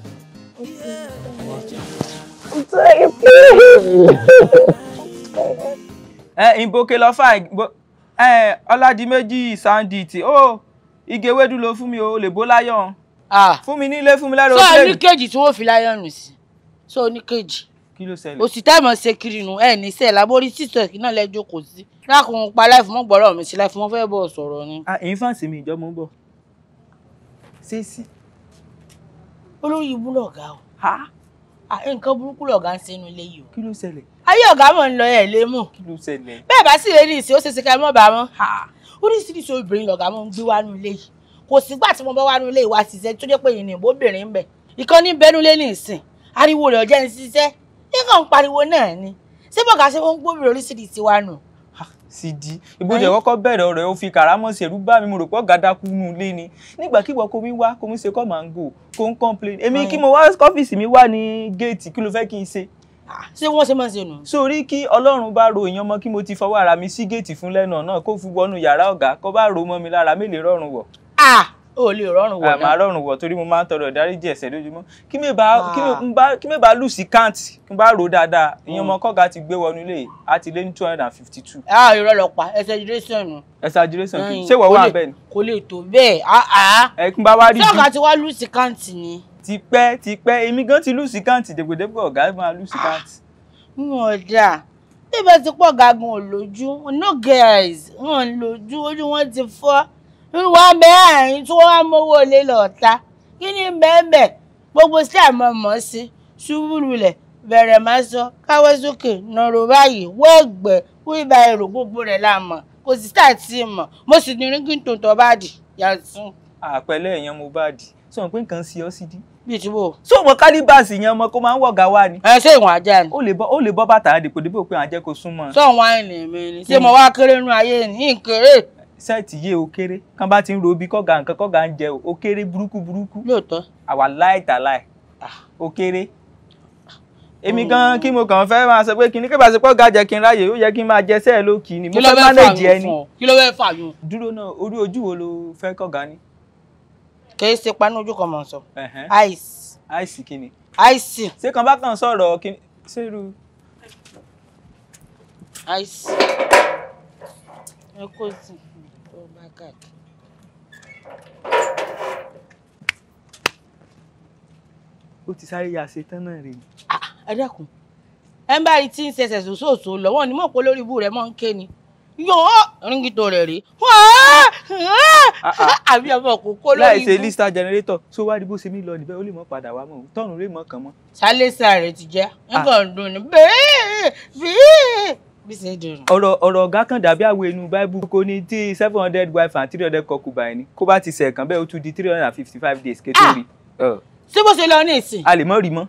ẹ ìbòkè lọ́fà ẹ ọládìméjì sandit ó igi ewédú ló fún mi o lè bó láyọ̀ ah. fún mi nílé fún mi lẹ́rọ. sọ ní tí wọ́n fi láyọ̀ nù sí sọ ní kí ló ṣẹlẹ̀. òsì táìmọ̀ ṣe kiri nù ẹ̀ ní sẹ́ẹ̀ lábórí títọ̀ kí náà lẹ́jọ́ kò sí. lákùn pa láìfù mọ́ gbọ́rọ̀ mi sí láìfù mọ́ fẹ́ bọ̀ sọ̀rọ̀ ni. èyí ah, fàǹsì mi ìjọ mo ń bọ̀. ṣé sí. olórí ibú lọ̀gá o. Ah, nǹkan burúkú lọ̀gá ń ṣe inú ilé yìí o. kí ló ṣẹlẹ̀. ayé ọ̀gá mọ̀ ń lọ ẹ̀ lé mọ̀. kí ló ṣẹlẹ̀. bẹ́ẹ̀ bá sì lè ní ìsìn ó ṣe ṣe ká mọ̀ bá mọ́. oríṣiríṣi obìnrin lọ̀gá mọ̀ ń gbé wá nínú ilé yìí kò sígbà tí mo bá wá nínú ilé ìwà ṣiṣẹ́ tó jẹ́ pé ìyìnbó obìnrin ń bẹ ìkànnì bẹnulé ní ìsìn ariwo rẹ̀ ọ̀jẹ̀ ń ṣiṣẹ́ nǹkan ń pariwo náà ni ṣé bọ̀gá ṣe wọ́n ń gbómi lórí sídìí tiwa nù. Ah, sídìí ìbújẹ kọ́kọ́ bẹ̀rẹ̀ ọ̀rọ̀ ò fi kàrámọ̀sì ẹ̀rú bá mi mo rò pé ọ̀gá dákú nù lé ni nígbàkigbà kò mí wá kò mí ṣe kọ́ máa ń gò kò ń complain èmi kí mo wá ọ́fíìsì mi wà ní géètì kí ló fẹ́ kí n ṣe ah, ṣé wọ́n ṣe máa ń ṣe nù. sórí kí ọlọ́run bá ro èèyàn mọ́ kí mo ti fọwọ́ ara mi sí géètì fún lẹ́nà náà kó fi wọnú yàrá ọ̀gá kó bá ro mọ́ mi lára mélòó rọrùn wọ̀. Ah, o lè rọrùn wọ̀ náà. màá rọrùn wọ̀ torí mo máa ń tọrọ ìdáríjì ẹ̀ṣẹ̀ lójúmọ́ kí mi bá lù sí káǹtì kí ah. n bá rò dáadáa ìyẹn mm. ọmọ kọ́ga ti gbé wọnú ilé a ti lé ní two hundred and fifty two. a irọ́ lọ pa exaggeration nù. exaggeration kì í ṣé wọ́n wà bẹ́ẹ̀ ni. kò lè tó bẹ́ẹ̀ àá. ẹ kí n bá wá rí bí. sọ́ọ̀gá ti wá lù sí káǹtì ni. ti pẹ́ ti pẹ́ èmi gan ti lù sí káǹtì dègbòdègbò ọ̀gá máa lù sí káǹtì. wọn dà bí bá ti pọ̀ gagun ò lójú no guys wọn lójú ojú wọn ti fọ́ wá bẹ́ẹ̀ àyín tó wá mówó lé lọ́ọ̀ta kí ni bẹ́ẹ̀ gbogbo sí àmọ́ mọ́ sí ṣubú lulẹ̀ bẹ̀rẹ̀ máa sọ káwọ́ sókè nọ̀rọ̀ báyìí wọ́ọ̀gbẹ́ wíwá èrò gbogbo rẹ̀ la mọ̀ kò sí tá a ti mọ̀ mo sì ní ríngì tó tọ́ bá dì yàtún. àpẹẹlẹ yẹn mo bá dì sọ pé nǹkan sí ọ sí dí. bíi tí wo. sọ wọn kálíbàsì yẹn ọmọ kó máa ń wọ̀gá wá ni. ẹ ṣé ìwọ̀n ajá ni. ó lè bọ́ bàtà àdìpọ̀ dípò pé àjẹ́ súnmọ́. sọ wọn àìní mi ni ṣé mo wá kéré nínú ayé ní ìkéré sẹ́ẹ̀tì yé o kéré kán bá ti ń robi kọ́gà nǹkan kọ́gà ń jẹ o ó kéré burúkú burúkú. lóòótọ́. àwa láì tà láì ó kéré. Ah. èmi gan kí mo kàn fẹ́ máa sọ pé kí ni kí bá ṣe pọ́ ga jẹ́ kí n ráyè ó yẹ kí n máa jẹ sẹ́ẹ̀ ló kì í ni mo fẹ́ mánéèjì ẹni. kí ló fẹ́ fà yún. dúró náà orí ojú wo ló fẹ́ kọ́gà ni. kì í ṣe paná ojú kan mọ̀ sọ. ice. ice kí ni. ice. ṣé kan bá kàn sọ̀rọ̀ kí ni ṣé irú. ice. ẹ kó sí káàkiri. ó ti sáré ya ṣetán náà rèé. Ah, ẹ dẹ́kun ẹ ń bá rí tí ń ṣẹṣẹ sòṣòṣò lọ́wọ́ ni mò ń pọ lórí ibú rẹ mọ ń ké ni yóò ríngìtò rẹ rèé ah, ah. àbí ọmọ òkókó lórí ibú. láìsí lista generator tó wá di bó ṣe mí lọ níbẹ̀ ó lè mọ padà wá mọ tọrùn rèé mọ kàn mọ. sálẹsà rẹ ti jẹ nǹkan dùn ní bẹ́ẹ̀ bẹ́ẹ̀ ọ̀rọ̀ ọ̀rọ̀ ọ̀gá kan dàbí àwọn inú báíbù kò ní tí seven hundred wife and three hundred concubine ni kó bá ti sẹ̀kan bẹ́ẹ̀ ó tún di three hundred and fifty five days kété ah! rí. ṣé bó ṣe lọ ní ìsìn. a lè mọ rí mọ.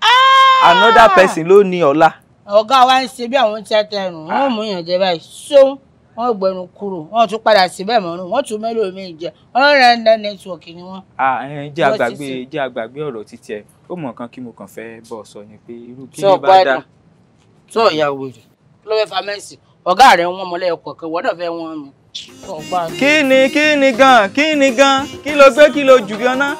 Ah! another person ló ní ọ̀la. ọ̀gá wa ń ṣe bí àwọn tí a tẹrùn wọn ah! mú yàn jẹ báyìí ṣó wọn gbẹrun kúrò wọn tún padà síbẹ̀ mọ́rún wọn tún mẹ́lòó mi jẹ ọlọ́run ẹ̀ńdá network ni wọ́n. jẹ́ àgbàgbé jẹ́ àgbàgbé ọ̀rọ̀ títí ẹ ó mọ̀ kan kí mo kàn fẹ́ bọ̀ sọ ni pé irú kí ni bá dà. sọ ìyàwó rẹ̀ ló fẹ́ fa mẹ́sì ọ̀gá rẹ̀ wọ́n mọ́lẹ́ ọkọ̀ kan wọ́n náà fẹ́ wọ́n mi. kí ni gan kí gan kí ló gbé kí ló jù ganan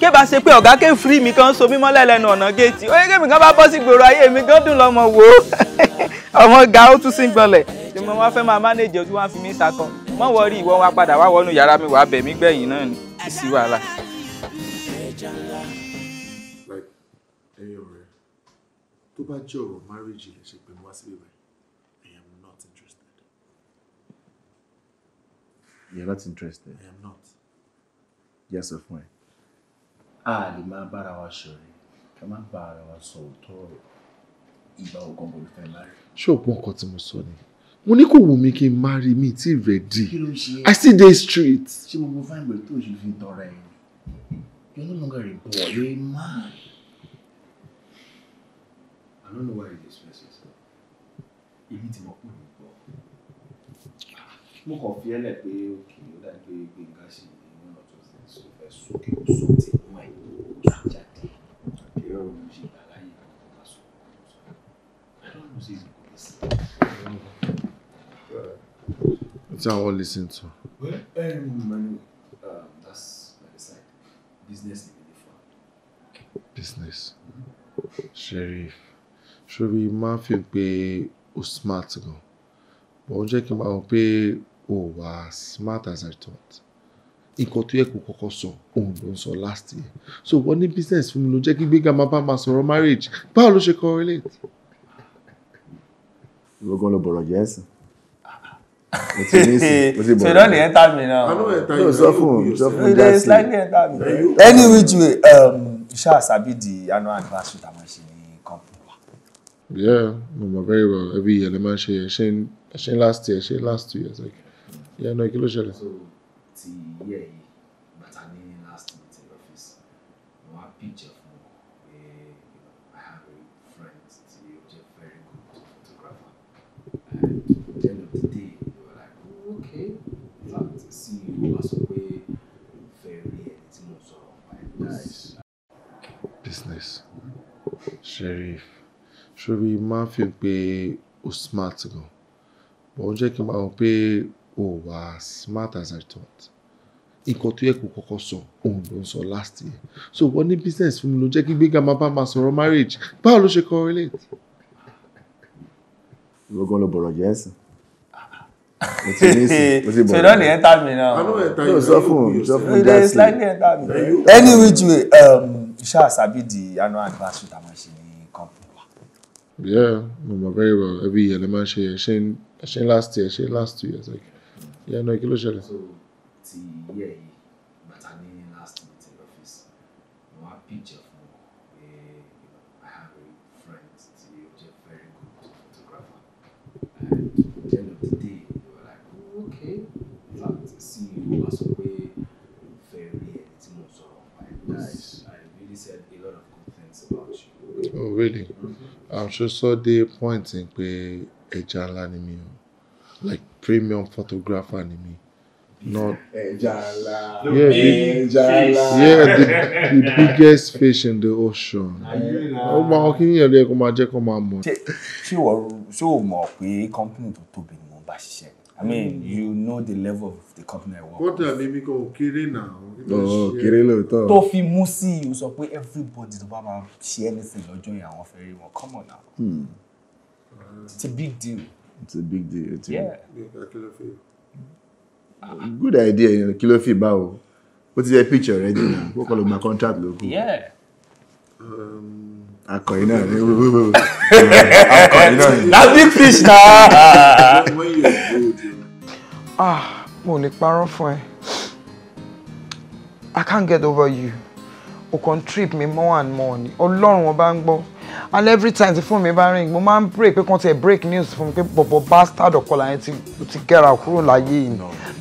ké bá ṣe pé ọ̀gá ké firi mi kan so mímọ́ lẹ́lẹ́nu ọ̀nà géètì ó yẹ kí mi kan bá bọ́ sí gbòòrò ayé mi gan dùn lọ́mọ wò ó ọmọ ga ó tún sí gbọ́nlẹ̀ tí mo wá fẹ́ máa mánéjì ojú wá fi mí sakọ mọ́ wọrí ìwọ wa padà wá wọnú yàrá mi wàá bẹ̀ mí gbẹ̀yìn náà ni kì í tó bá jẹ́ ọ̀rọ̀ márìjì lè ṣe You're not interested. I am not. Yes, of mine. Ah, lè máa bára wa ṣọ̀rẹ́, ká má bá ara wa sọ òótọ́ ọ̀rọ̀. Ìgbà ògùn bò ló fẹ́ láre. Ṣé òpin ọkọ tí mo sọ ni? Mo ní kò wù mí ready. I see the street. She will fáìn pẹ̀lú tó ṣe fi tọrọ ẹ̀? You're no longer a boy, you're a man. I don't know why this dey stress yourself. Èmi ti mo kàn fi ẹlẹ pé òkè ó dá pé Gbénga ṣe ìwọ̀n ọ̀tọ̀ sí ẹ̀sùn fẹ́ sókè ó sọ ti mú ẹ̀ tó jáde ìrọ̀ mi ṣe gbà láyé àwọn ọ̀gá sọ I don't know say kò lè sí. What are all listening to? Well, um, anyway, um, that's my side. Business ni mi fa. Business. Mm-hmm. Sheriff. Ṣé o rí máa fi pé o smart gan? Bọ̀ ó jẹ́ kí n máa wọ pé Oh, wà smart as I thought nǹkan tó yẹ kó kọ́kọ́ sọ òun ló ń sọ last year so wọ́n ní business fún mi ló jẹ́ kí gbéga máa bá máa sọ̀rọ̀ marriage báwo ló ṣe correlate. ìwọ́gán ló bọ̀rọ̀ jẹ́ ẹ̀sìn. so you don dey enter me now. i no enter you. no sọ fún mi sọ fún mi that's it. you dey slightly any which way um, ṣá sabi di annual advance with àwọn ṣe ní company yeah mo mọ very well every year lè máa ṣe ṣe last year ṣe last two years. Like ìyànà kí ló ṣẹlẹ̀. so ti yẹ yìí bàtà ní last month office mo wá picture fún ọ pé i have a friend tí ó jẹ very good photographer and at the end of the day we were like oh, okay that ceo wa sọ pé fẹ́ rí ẹni tí mo sọ̀rọ̀ pa ẹ̀ business sheriff ṣòwò máa ń fi pé o smart gan-an mo jẹ́ kí n máa wọ pé o wà smart as I thought nǹkan tó yẹ kó kọ́kọ́ sọ òun ló ń sọ last year so wọ́n ní business fún mi ló jẹ́ kí gbéga máa bá máa sọ̀rọ̀ marriage báwo ló ṣe correlate. ìwọ́gán ló bọ̀rọ̀ jẹ́ ẹ̀sìn. so you don dey enter me now. i no enter you. no sọ fún mi sọ fún mi any which way um, ṣá sabi di annual advance with àwọn ṣe ní company yeah mo mọ very well every year lè máa ṣe ṣe last year ṣe last two years. Like, ìyẹn náà kí ló ṣẹlẹ̀. so ti yẹ yìí bàtà ní last meeting office mo wá picture fún ọ pé I have a friend ti o jẹ very good photographer and at the end of the day we were like oh, okay in fact see you e wa sọ pé mo fẹ́ rí ẹni tí mo sọ̀rọ̀ pa ẹ̀ I really said a lot of good things about you. oh really mm -hmm. i'm sure so dey point in pé ẹja ńlá ni mi o like premium photographer ni mi. Not Ejala. Yeah, big, yeah the, the biggest fish in the ocean. Uh, Ó máa kọ́ kí ní ẹ̀rọ ẹ̀kọ́ máa jẹ́ kó máa mọ̀. Ṣé o ṣé o mọ̀ pé company tó tóbi ni mo bá ṣiṣẹ́? I mean you know the level of the company I work with. Kọ́tà mímí kan ò kéré náà. Ọ̀ kéré lóòótọ́. Tó fi mú sí i, o sọ pé everybody tó bá máa ṣe anything lọ́jọ́ yẹn àwọn fẹ́ rí wọn, come on now. Hmm. It's a big deal. It's a big deal. It's yeah. Uh, Good idea, you know, kí ló fi What is your picture already What color my contract look? Yeah. Um, akọ iná ni akọ iná big fish na. ah mo ní parọ́ I can't get over you You can trip me more and more ni ọlọ́run ọba bang. gbọ́ and every time the phone mi bá ring mo máa ń break pé kàn tiẹ̀ break news fún mi pé bọ̀bọ̀ bastard ọ̀kọ́lá yẹn ti ti gẹ́ra kúrò láyé yìí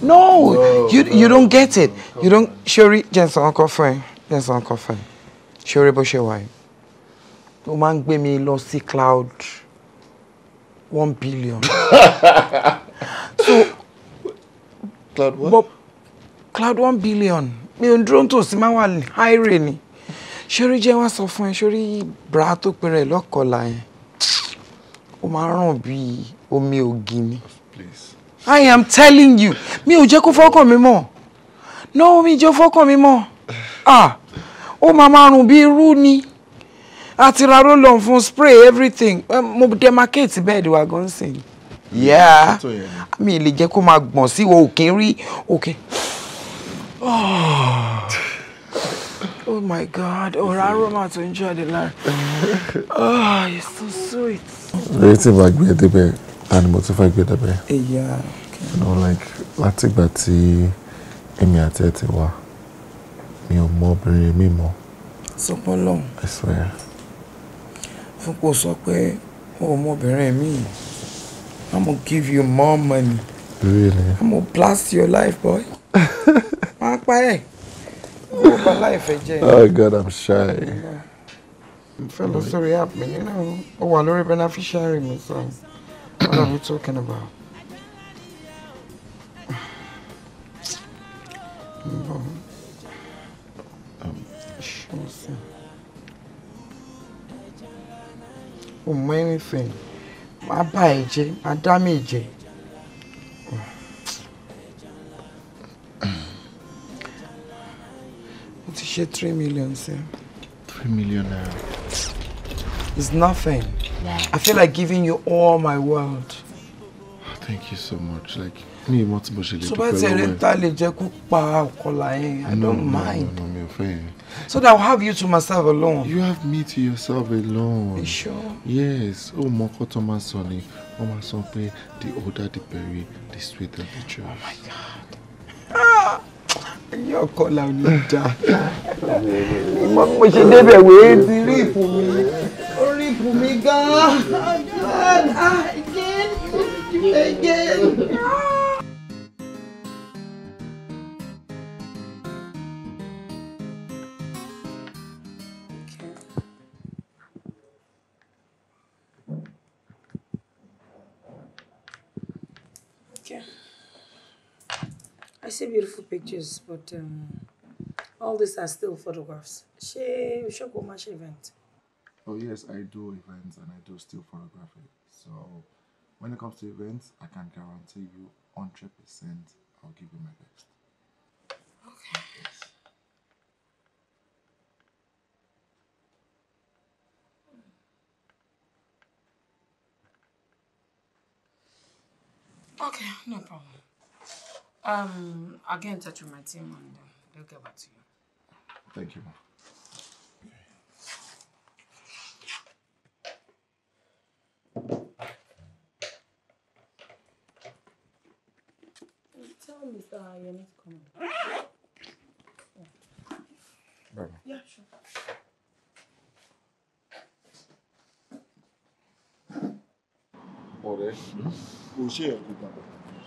no you you don't get it you don't ṣorí jẹ́nsán Uncle fún ẹ Uncle ọkọ fún ẹ ṣorí bó ṣe wà yìí tó mi lọ sí cloud one billion so cloud what? cloud one billion mi ò dúró tòsí máa wà ní high rain ni ṣorí jẹ́ wá sọ fún ẹ ṣorí bra tó pẹrẹ lọ́kọ̀ọ́la yẹn ó máa ràn bíi omi ògì ni. I am telling you mi ò jẹ́ kó fọ́kàn mi mọ̀ náà mi jẹ́ fọ́kàn mi mọ̀ ah ó máa máa rùn bíi irú ni àti ra roll on fún spray everything mo demarcate bẹ́ẹ̀dì wa gan sìn yá mi lè jẹ́ kó máa gbọ̀n sí òkè rí òkè. Oh my God, ọ̀rọ̀ aroma to enjoy the lára. Oh, ah, it's so sweet. Retí bá gbé débẹ̀, àni mo tún fẹ́ gbé You know like látìgbà tí èmi àti ẹ ti wà, mi ò mọ obìnrin mi mọ́. Sọpọ́ lọ́hùn. I swear. Fúnpọ̀ sọ pé o ò mọ obìnrin mi I'm gonna give you more money. Really? I'm gonna blast your life, boy. Mark by oh God, I'm shy. Fellow, sorry, app me, you know. Oh, I'm already sharing me, so what are we talking about? Oh, my anything. My bye, Jay, my damage. ti ṣe three million sí. three million naira. it's nothing. wow I feel like giving you all my world. thank you so much like me, ìmọ̀ tí So ṣe the rental. lọ́wọ́ ẹ̀. tó bá I don't mind. no no mi so that I will have you to myself alone. you have me to yourself alone. you sure. yes Oh, moko ọkọ tó máa sọ ni the older the berry the sweeter the juice. oh my god. Ah! ẹyẹ ọkọlà ò ní dá mo ṣe débẹ̀ wèé ti rí mi ó mi gan-an again again. Yeah. I see beautiful pictures, but um, all these are still photographs. She Shoko Mash event. Oh yes, I do events and I do still photography. So when it comes to events, I can guarantee you 100% I'll give you my best. Okay. Okay, no problem. Um, I'll get in touch with my team and uh, they'll get back to you. Thank you, ma'am. Tell Mr. Ayemi to come on. Yeah. Brother. Yeah, sure. Ọ̀rẹ́, o hmm? ṣe ẹ̀kú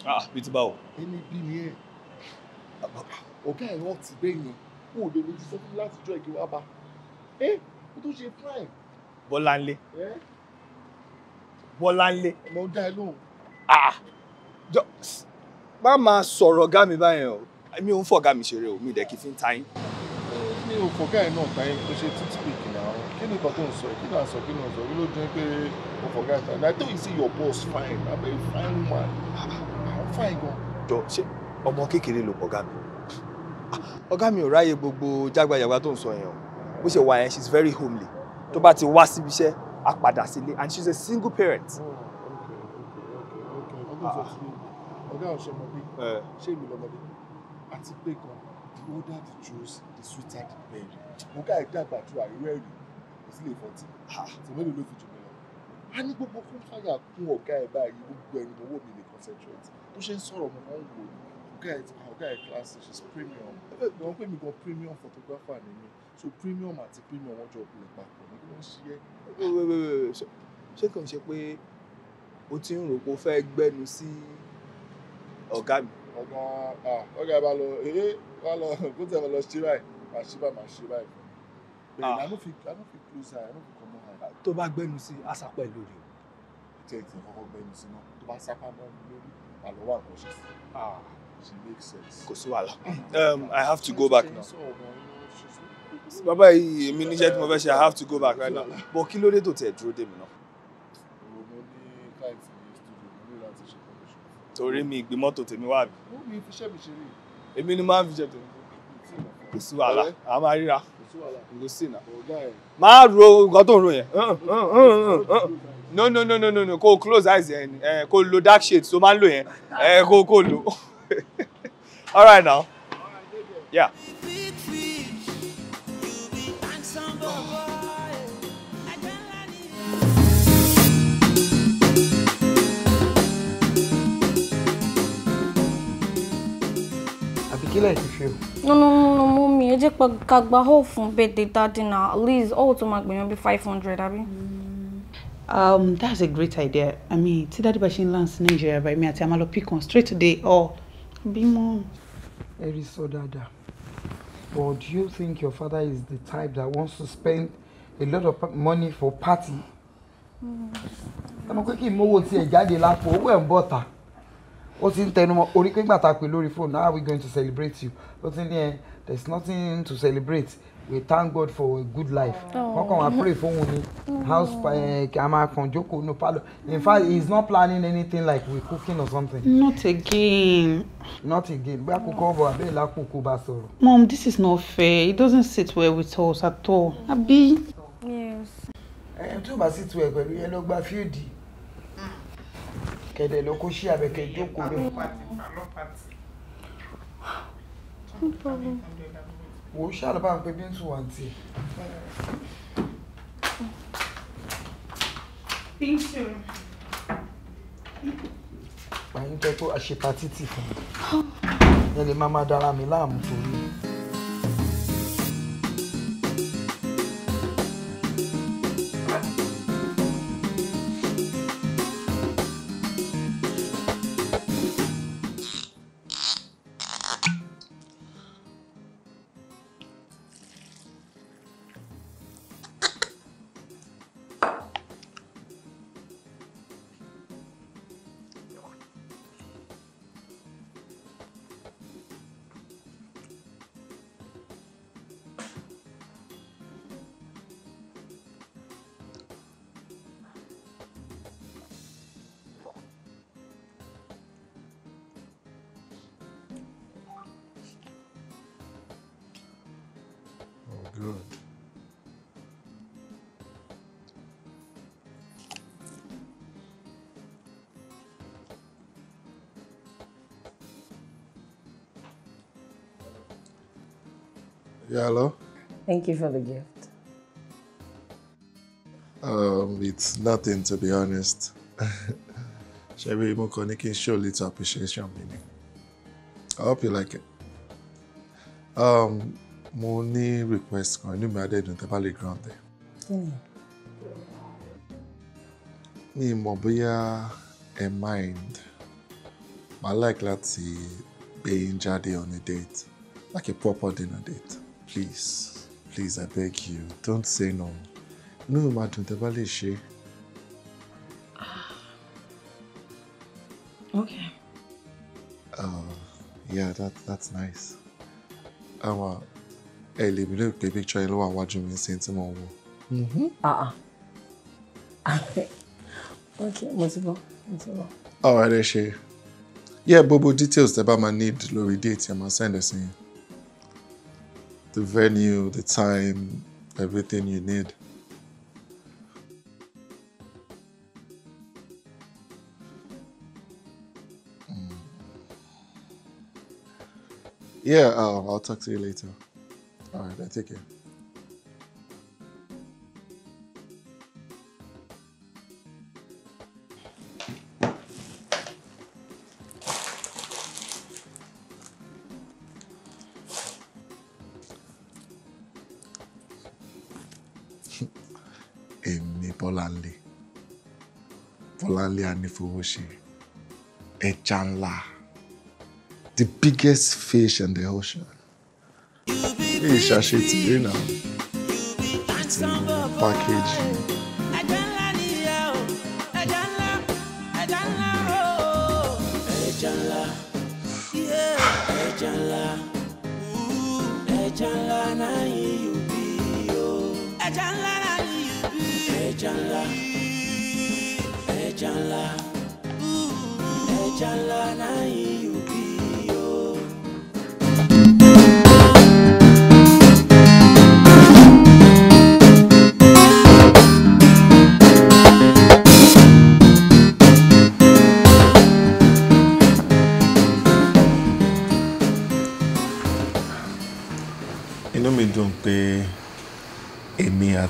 ah bíi ti báwo. ẹni bí ni ẹ ọgá ẹ hàn ti bẹ́ẹ̀ yẹn kó o lè lójú sọ́kún láti jọ ìgbé wa bá ẹ kó tó ṣe prime. bọ́láńlé bọ́láńlé. mo dá ẹ ah jọ má máa sọ̀rọ̀ ọ̀gá mi báyẹn o mi ò ń fọ̀gá mi ṣeré o mi dẹ̀ kí fi ń ta yín. mi ò fọ̀gá ẹ̀ náà ta yín kó ṣe títí pèkì náà kí ni nǹkan tó ń sọ kí ni à ń sọ I tell you say your boss fine abẹ́ fine woman fine gan. jọ ṣé ọmọ kékeré ló ọ̀gá mi ọ̀gá mi ò ráyè gbogbo jágbajàgba tó ń sọ yẹn o bó ṣe wà yẹn she is very homely tó bá ti wá síbi iṣẹ́ a padà sílé and she is a single parent. Oh, ah. ọ̀gá ọ̀ṣọ́mọdé eh. ṣé èmi lọ́mọdé àti pé kan older the choose the sweeter the berry mo ká ẹgbẹ́ àgbàdua irú ẹ̀rí kò sí lè fọ́tì tí mélòó ló fi jù mí lọ. a ní gbogbo fún fàyà kún ọ̀gá ẹ̀ báyìí gbogbo ẹni owó mi lè concentrate bó ṣe ń sọ̀rọ̀ mo kàn ń wò ọ̀gá ẹ̀ ọ̀gá ẹ̀ class she's premium ẹgbẹ́ ìgbà wọn pé mi gan premium photographer ni mi so premium àti premium wọn jọ kulẹ̀ papọ̀ ní kí wọ́n ṣí ẹ́. ṣé kàn ṣe pé o ti ń rò pé o fẹ́ gbẹ́nu sí ọ̀gá mi. ọ̀gá ọ̀gá bá lọ eré bá lọ kó tẹ̀ lọ ṣí báyìí màá ṣí báyìí màá ṣí báyìí fún mi. I no fit I no fit close eye I no fit comot eye. tó bá gbẹ́nu sí àṣà pẹ̀lú rẹ̀. tẹ̀ tẹ̀ kọ́kọ́ gbẹ́nu sí náà tó bá sápá mọ́ mi lórí àlọ́wà kan ṣe sí. kò sí wàhálà um, i have to go back now. bàbá yìí èmi níṣẹ́ tí mo fẹ́ ṣe i have to go back right now but kí ló dé tó tiẹ̀ dúró dé mi náà. torí mi ìgbé mọ́tò tèmi wà bí. èmi ni máa ń fi ṣe tèmi. kò sí wàhálà a máa ríra kò sí náà. máa ro nǹkan tó ń ro yẹn no no no no no no kó close eyes yẹn ẹ eh, kó lo dark shade So máa ń lò yẹn ẹ eh, kó o lo all right now yeah. kílẹ̀ ti ṣe no no no Mo mummy ẹ jẹ́ pé ká gba hall fún birthday daddy na at least hall tó máa gbìyànjú bí five hundred àbí. Mm um, that's a great idea i mean tí dádì bá ṣe ń Nigeria by me báyìí mi àti amalo pick on straight today or bímọ. ẹ rí sọ dáadáa but do you think your father is the type that wants to spend a lot of money for party? ẹnu hmm. pé kí n mówó tiẹ̀ jáde lápò owó ẹ̀ ń bọ̀ ta ó ti ń tẹnumọ́ orí pé gbàtà pé lórí fóònù how are we going to celebrate you ó ti ní ẹ there is nothing to celebrate we thank God for a good life wọn come, I pray for Wunmi house by, oh. eh, máa kàn no palo in fact he's not planning anything like we cooking or something. not again. not again bí àkókò ọbọ abẹ́rẹ́ lákòókò bá sọ̀rọ̀. mom this is not fair it doesn't sit well with us at all abi. yes. I'm eh, too bá sì tu ẹ we yẹn lọ gba fíìdì kẹ̀dẹ̀ lọ kó ṣí abẹ́kẹ̀ jókòó lọ. no problem wò ó ṣàlọ́ ń pe bíntù wà ntì. bíntù. pàyín jẹ́ kó àṣepatítì fún mi ẹ lè má má dára mi láàmú torí. good. Yeah, hello? Thank you for the gift. Um, it's nothing, to be honest. Sherry Mokonikin show little appreciation, meaning. I hope you like it. Um, mo ní request kan inú mi á dẹ̀dùn tẹ́ bá lè grant ẹ̀. kí ni. mi mọ̀ bóyá ẹ mind màá like láti gbé yín jáde on a date like a proper dinner date please please I beg you don't say no inú mi máa dùn tẹ́ bá lè ṣe. Ah, okay. Uh, yeah, that that's nice. Oh, well, ẹ lè mi lérò pé picture yìí ló what you mean. sí tí mo wò. Uh mo ti bọ mo ti bọ. ọ̀rọ̀ rẹ ṣe yẹ gbogbo details tẹ bá máa need lórí date I'ma send ẹ sí the venue the time everything you need. Mm. Yeah, um, I'll talk to you later. All right, then take care. èmi bọ́láńlé bọ́láńlé anífowóṣe ẹja ńlá the biggest fish in the ocean Hey, Shashi, it's you the Package.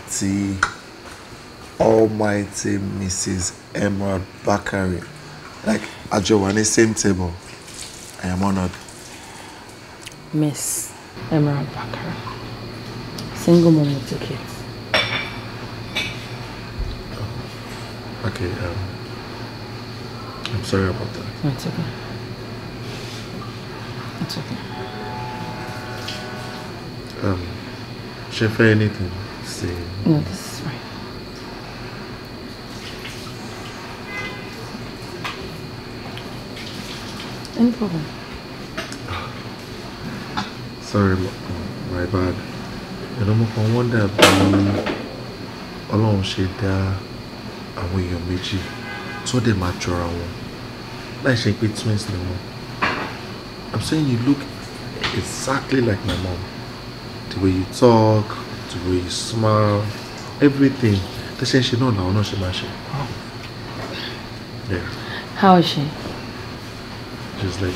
àti almighty mrs emerald bakari like àjọ wà ní same table i am honoured. miss emerald bakari single mom with two kids. Oh, okay um, i'm sorry about that. No, it's okay. It's okay. Um, she felt anything see. No, this is right. Any problem? Sorry, my bad. You know, I wonder bí Ọlọ́run ṣe dá àwọn èèyàn méjì tó dẹ̀ máa jọra wọn láì ṣe pé twins ni wọn. I'm saying you look exactly like my mom. The way you talk, To way you smile everything They say she ṣe náà No, she ṣe she. ṣe. how is she? she's like.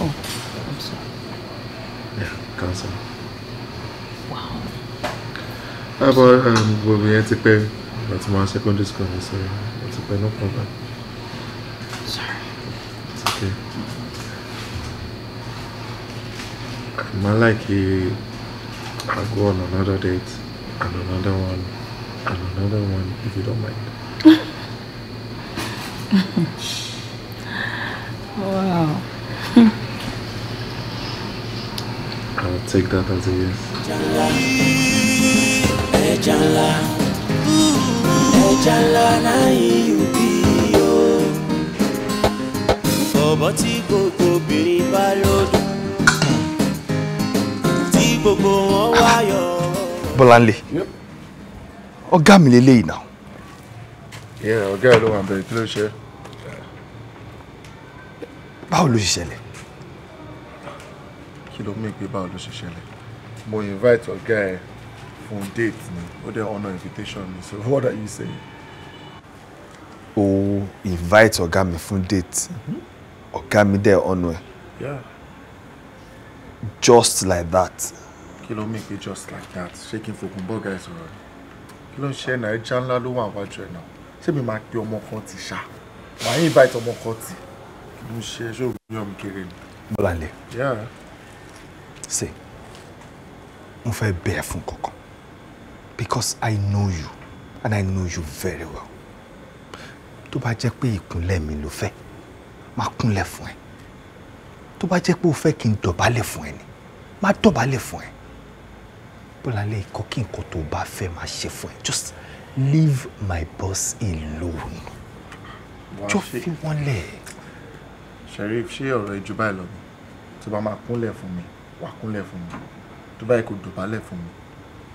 oh i'm sorry. yeah cancer. wow. how ah, about um, gbogbo yẹn ti pẹ́ pay, máa my second ní So it's okay, no problem. sorry. it's okay. My láìkí. Like I'll go on another date and another one and another one if you don't mind. wow. I'll take that as a yes. Ọ̀bọ tí gbogbo obìnrin bá lọ́dún gbogbo wọn wáyọ̀. Bọ́láńlé ọ̀gá mi lélẹ́yìí náà. ọ̀gá ẹ̀ ló wà bẹ̀rẹ̀ kí ló ṣe. báwo ló ṣe ṣẹlẹ̀. kí ló mú ìpè báwo ló ṣe ṣẹlẹ̀ mo invite ọ̀gá ẹ̀ fún date ni ó dẹ̀ honour invitation mi so what are you saying. o invite ọ̀gá mi fún date mm-hmm. ọ̀gá mi dẹ̀ honour ẹ̀. just like that kí ló mí pé just like that shaking for n guys bọ́ọ̀gà ẹ̀ sọ̀rọ̀ ni kí ló ń ṣe ẹ̀nà ẹja ńlá ló wà wájú ẹ̀ náà ṣé mi máa pe ọmọ kan ti ṣá màá yín báyìí ọmọ kan ti kí ló ń ṣe ẹṣọ òwúrọ̀ mi kéré ni. bọ́láńlé ṣe mo fẹ́ bẹ̀ fún kankan because I know you and I know you very well tó bá jẹ́ pé ìkúnlẹ̀ mi ló fẹ́ máa kúnlẹ̀ fún ẹ tó bá jẹ́ pé o fẹ́ kí n dọ̀bálẹ̀ fún ẹ ni máa dọ̀bálẹ̀ fún ẹ Bọ́láńlé ìkọ́ kí nǹkan tó bá fẹ́ just leave my boss alone jọ fi wọ́n lẹ̀. Sheriff ṣé ọ̀rọ̀ ìjú báyìí lọ tó bá máa kúnlẹ̀ fún mi wà kúnlẹ̀ fún mi tó bá yẹ kó dọ̀bálẹ̀ fún mi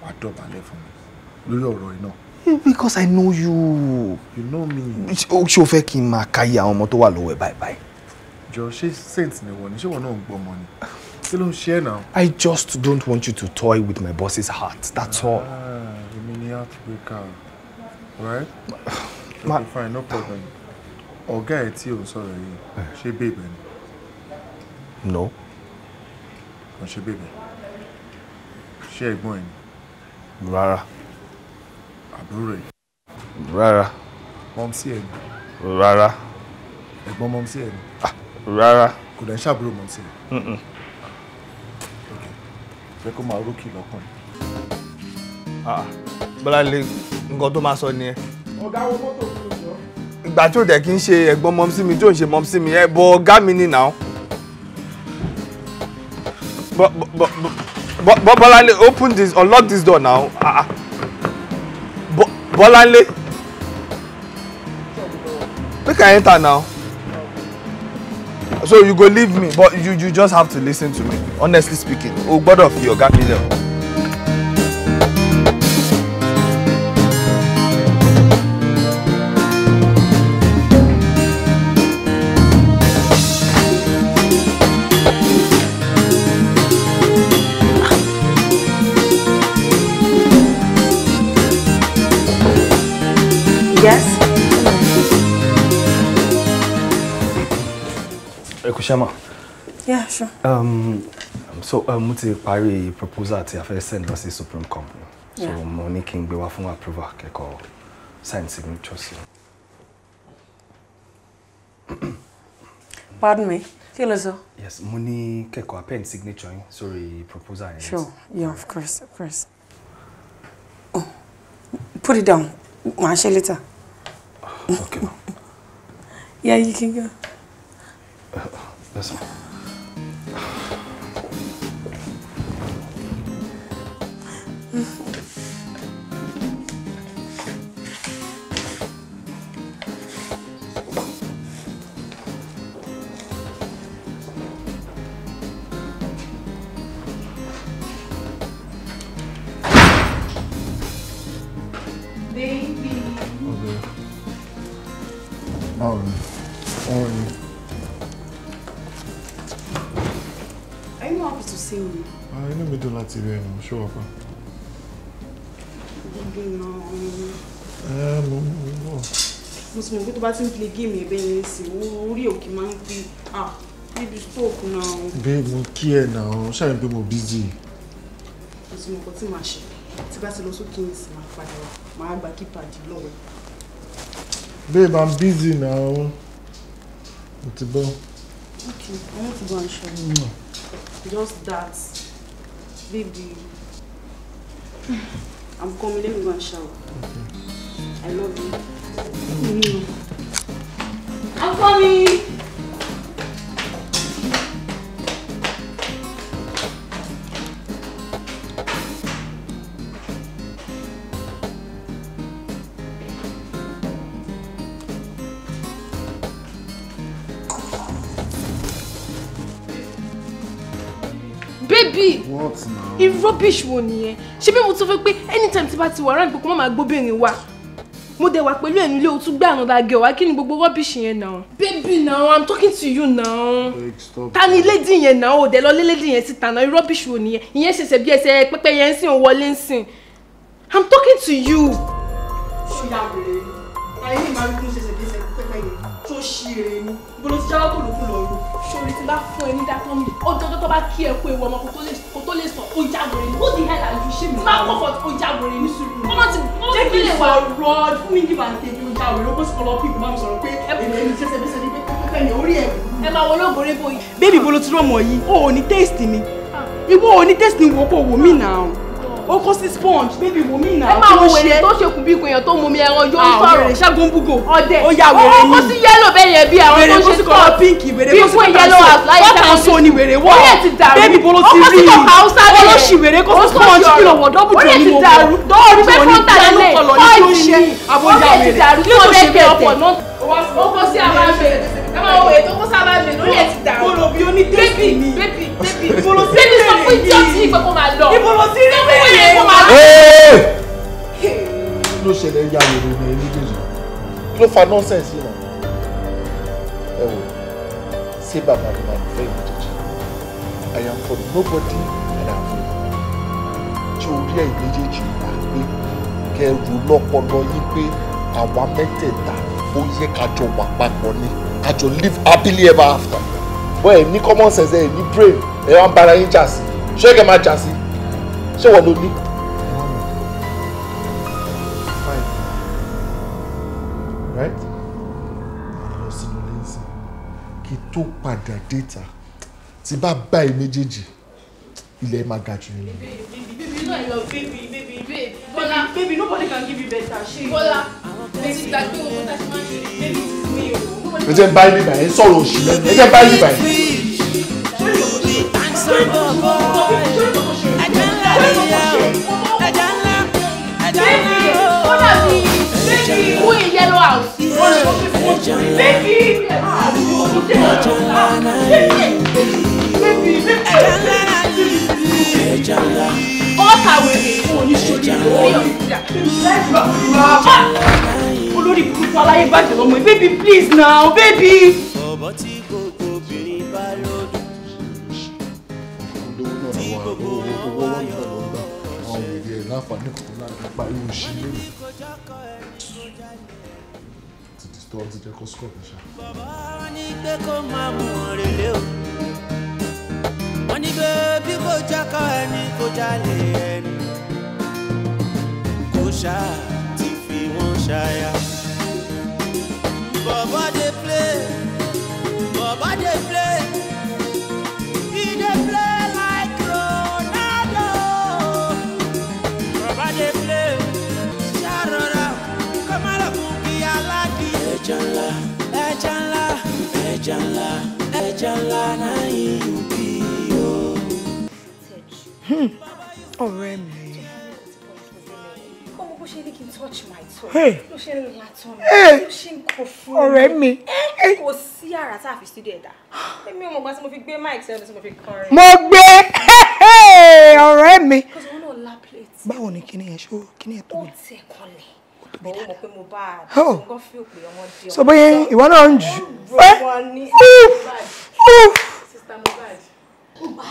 wà dọ̀bálẹ̀ le for me, ọ̀rọ̀ yìí náà. because I know you. you know me. ṣé o fẹ́ kí n máa káyé àwọn ọmọ tó wà lọ́wọ́ ẹ̀ báyìí báyìí. jọ ṣé saint ni wọ́n she ṣé no náà money kí ló ń ṣe I just don't want you to toy with my boss's heart that's all. èmi ni heartbreaker right? ma okay fine no problem ọ̀gá ẹ̀ tí ò ń sọ̀rọ̀ yìí eh. ṣé bèbè ni. no. kò ṣe bèbè ṣé ẹ̀gbọ́n ẹ̀ Rara. rárá. Rara. ẹ̀. rárá. mọ́mísí Rara. ni. rárá. ẹ̀gbọ́n mọ́mísí ẹ̀ ni. Ah, rárá. kò dẹ̀ ń ṣàbúrò mọ́mísí fẹ́ kó máa rókì lọ́kùnrin. Ah, ah. bọ́lá lè nǹkan tó máa sọ nìyẹn. ọ̀gá wo mọ́tò fún mi ìgbà tí ò dẹ̀ kí n ṣe ẹ̀gbọ́n mọ́mísí mi tí ò ń ṣe mọ́mísí mi ẹ̀ bọ ọ̀gá mi ni nà ó. Bọ́láńlé open this unlock this door now. Ah, Bọ́láńlé make I enter now so you go leave me but you you just have to listen to me honestly speaking o gbọ́dọ̀ fi ọ̀gá mi lẹ̀ Kushama. Yeah, sure. Um, so um, mo ti parí proposal ti a send lọ sí Supreme Company. So mo ní kí n gbé wá fún approval kẹ́kọ̀ọ́ sign signatures. Pardon me. Kí ló sọ? Yes, mo ní kẹ́kọ̀ọ́ append signature yín sórí proposal yẹn. Sure, yeah, of course, of course. Oh, put it down. Màá ṣe later. Okay. yeah, you can go. 那什么？láti rí ẹnu ṣó wà pa. mo sì mọ̀ pé tó bá ti ń play game ẹ̀bẹ̀ yẹn sí orí òkè máa ń pè á níbi stroke náà. bẹ́ẹ̀ mo kí ẹ̀ náà ṣáà ń pé mo busy. mo sì mọ̀ pé tí màá ṣe tí bá ti lọ sókè yìí sì máa padà wá màá gba kípàdé lọ́wọ́. babe i'm busy now mo ti bọ́. okay i want to go and show you. Mm. just that. Baby, I'm coming. Let me go and shower. I love you. I'm coming. baby. what now. irú rubbish wo nìyẹn ṣé bí mo tún fẹ́ pé anytime tí bá ti wà ráàyè pé kó má máa gbóbìnrin wa mo dẹ̀ wà pẹ̀lú ẹ̀ nílé o tún gbé àrùn lágẹ̀ wá kí ni gbogbo rubbish yẹn náà. baby now i'm talking to you now. ta ni lady yẹn náà o dẹ̀ lọ lé lady yẹn síta náà irú rubbish wo nìyẹn ìyẹn ṣẹ̀ṣẹ̀ bí ẹsẹ̀ pẹ́pẹ́ yẹn ń sìn wọlé ń sìn i'm talking to you. ṣùgbọ́n àgbèrè ayé ìmọ̀ àrùn tó bí ẹsẹ̀ pẹ́pẹ́ yẹn tó ṣí èrè ni bó ti jáwọ́ kò lókun lọ́rùn sori ti bá fún ẹ ní dákọ́ mi ọjọ́ tó bá kí ẹ kó ewu ọmọ kò tó lè sọ ó jágore ni what the hell are you ṣe mi. tí bá kọ́ fọ́ ó jágore ní sùúrù. ọmọ ti jẹ́ kí lè wà rọ fún mi give and take ó jágore ó kó sì kọ́lọ́ pípọ̀ bá mi sọ̀rọ̀ pé èmi ẹni ṣẹ̀ṣẹ̀ bẹ́sẹ̀ ní pẹ́pẹ́ ní orí ẹ̀. ẹ máa wọ olóògùn rẹ́bọ̀ yìí. bébì bolo ti rọmọ yìí o ò ní taste ni ah. ìwọ ò ní taste ni wò kó wò mí nà ó kó sí sponge baby wò mí náà. ẹ máa wo wèrè tó ṣekùn bí ìkùnyàn tó mú mi ẹran yóò sọ̀rọ̀. Ah, àwọn wèrè ṣàgùn búgò. ọdẹ ó yà wèrè ni. ó kó sí yẹ́lò bẹ́ẹ̀ yẹn bí àwọn tó ṣe sọ. wèrè kó sí kọ́ńtà yẹ́lò àt ó kó sí abáṣe ẹ máa wọ ètò kó sábàṣe lórí ẹ ti dàrú. kó lo bí oní tẹ́sí ni bébí kí ló fa nọ́ọ̀sẹ̀nsì náà ẹ wò ṣé bàbá mi máa ń fẹ́ ìmọ̀jẹ̀jẹ̀ I am for nobody and I am for you orí ẹ̀ méjèèjì wà pé kẹrù lọ́pọlọ yín pé àwa mẹ́tẹ̀ẹ̀ta ó yẹ ká wà papọ̀ ni ká live happily ever after bọ́ ẹ̀ ní common sense ẹ̀ ní brain ẹ̀ wá ń bára yín jà sí ṣé kẹ́ máa jà sí ṣé wọ́n ló ní. kí tó padà déta tí bá bá ẹ méjèèjì ilẹ̀ máa ga jù nílẹ̀. baby baby no i love baby baby baby Bọ́lá baby nobody can give you better ṣe. Bọ́lá ẹ jẹ́ báyìí bíbà yẹn sọ̀rọ̀ òṣì lẹ́nu ẹ jẹ́ báyìí bíbà yẹn. Baby! ẹja ńlá ọ̀tà wèrè fún oníṣòrí lórí ọ̀tà olórí burúkú aláyé baby please now baby. o wọ́n ní bébí kò jákọ́ ẹni kò jálè ẹni kò ṣáà ti fi wọ́n ṣáyà. bọ̀bọ̀ dey play bọ̀bọ̀ dey play. ẹja ńlá ẹja ńlá ẹja ńlá ẹja ńlá náà. Hmm. ọ̀rẹ́ mi. ọmọ bó ṣe ní kí n touch my toe ló ṣe ń latọ́ mi ló ṣe ń kọ fún mi. ọ̀rẹ́ mi. Eh, kò sí àrà tá a fi studio ẹ̀dá èmi ò mọ̀ gbà tí mo fi gbé mic sẹ́nu tí mo fi kọrin. mo gbé ọ̀rẹ́ mi. báwo ni kíni ẹ̀ ṣó kíni ẹ̀ tóbi. ó tẹ̀ kọlẹ̀ so bóyá ìwọ náà ń jù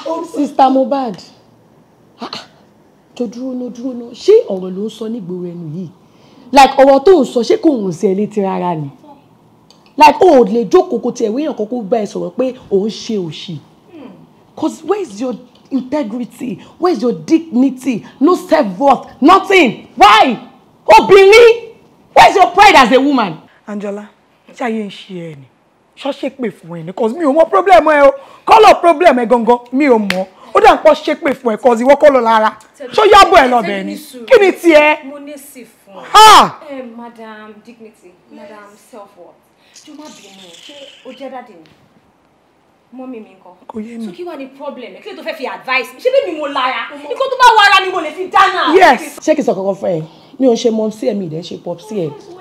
ú. sista Mohbad tó ah, dúró ná dúró ná ṣé ọ̀rọ̀ ló ń sọ nígboro ẹnu yìí like ọ̀rọ̀ tó ń sọ ṣé kò ń sẹ́ létí rárá ni like o lè jókòó kó tiẹ̀ wéyàn kókó bá ẹ sọ̀rọ̀ pé ò ń ṣe òṣì cause where is your integrity where is your dignity no self worth nothing why obìnrin where is your pride as a woman. Angela? ṣé ayé ń ṣe ẹ ni ṣọ́ṣẹ́ pè fún ẹ ni cause mi ò mọ problem ẹ o kọ́lọ̀ problem ẹ gangan mi ò mọ̀ ó dà ń pọ̀ ṣe pé cause ẹ̀ kọ́ sí wọ́kọ́ lọ lára ṣó yábọ̀ ẹ̀ lọ́bẹ̀ ni kí ni tiẹ̀. mo ní sí fún ẹ eh, madam dignity madam self worth ṣé má bínú ṣé o jẹ́ dáàdì mi mọ́mí mi nǹkan kò yé mi so ki wa ni problem ẹ kí ló tó fi advice ṣé be mi mo lára nǹkan tó ba wà ara ni mo lè fi dáná. yes ṣé kì í sọ kankan fún ẹ mi ò ń ṣe mọ́mí sí mi ì dẹ́ pop sí ẹ̀ oh,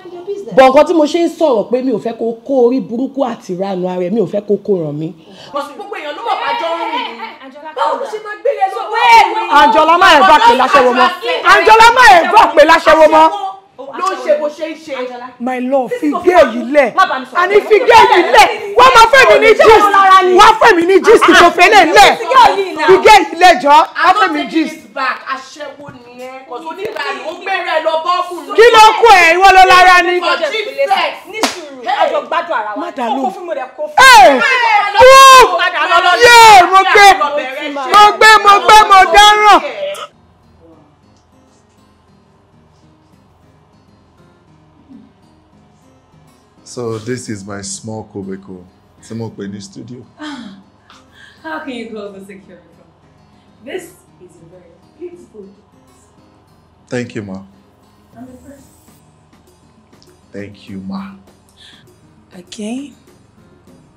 bọ̀ nǹkan tí mo ṣe ń sọ̀rọ̀ pé mi ò fẹ́ kó kó orí burúkú àti ìranu ara ẹ̀ mi ò fẹ́ kó kó ràn mí. gbogbo èèyàn ló mọ̀ pé Anjola máa ẹ̀ bá pè láṣẹ́wó mọ́. Anjola máa ẹ̀ bá pè láṣẹ́wó mọ́. Ló ń ṣe bó ṣe ń ṣe. My love, fìgé èyí lẹ̀. Àní fìgé èyí lẹ̀. Wọ́n máa fẹ́ mi ní gist. Ah, ah. Wọ́n fẹ́ mi ní gist tó fẹ́ lẹ̀ lẹ̀. Fìgé èyí lẹ̀ jọ. Wọ́n fẹ́ mi gist back aṣẹ́wó nìyẹn kò ní báyìí ó gbẹ̀rẹ̀ lọ bọ́ọ̀kù lọ. kí ló kú ẹ ìwọ ló lára ni. ní sùúrù àjọ gbádùn ara wa kókó fún mi rẹ kó fún mi. yé mo gbé mo gbé mo gbé mo dáràn. So this is my small cubicle. Tí mo pè ní studio. Ah, how can you call this security? This is a very Thank you, Ma. the first. Thank you, Ma. Again?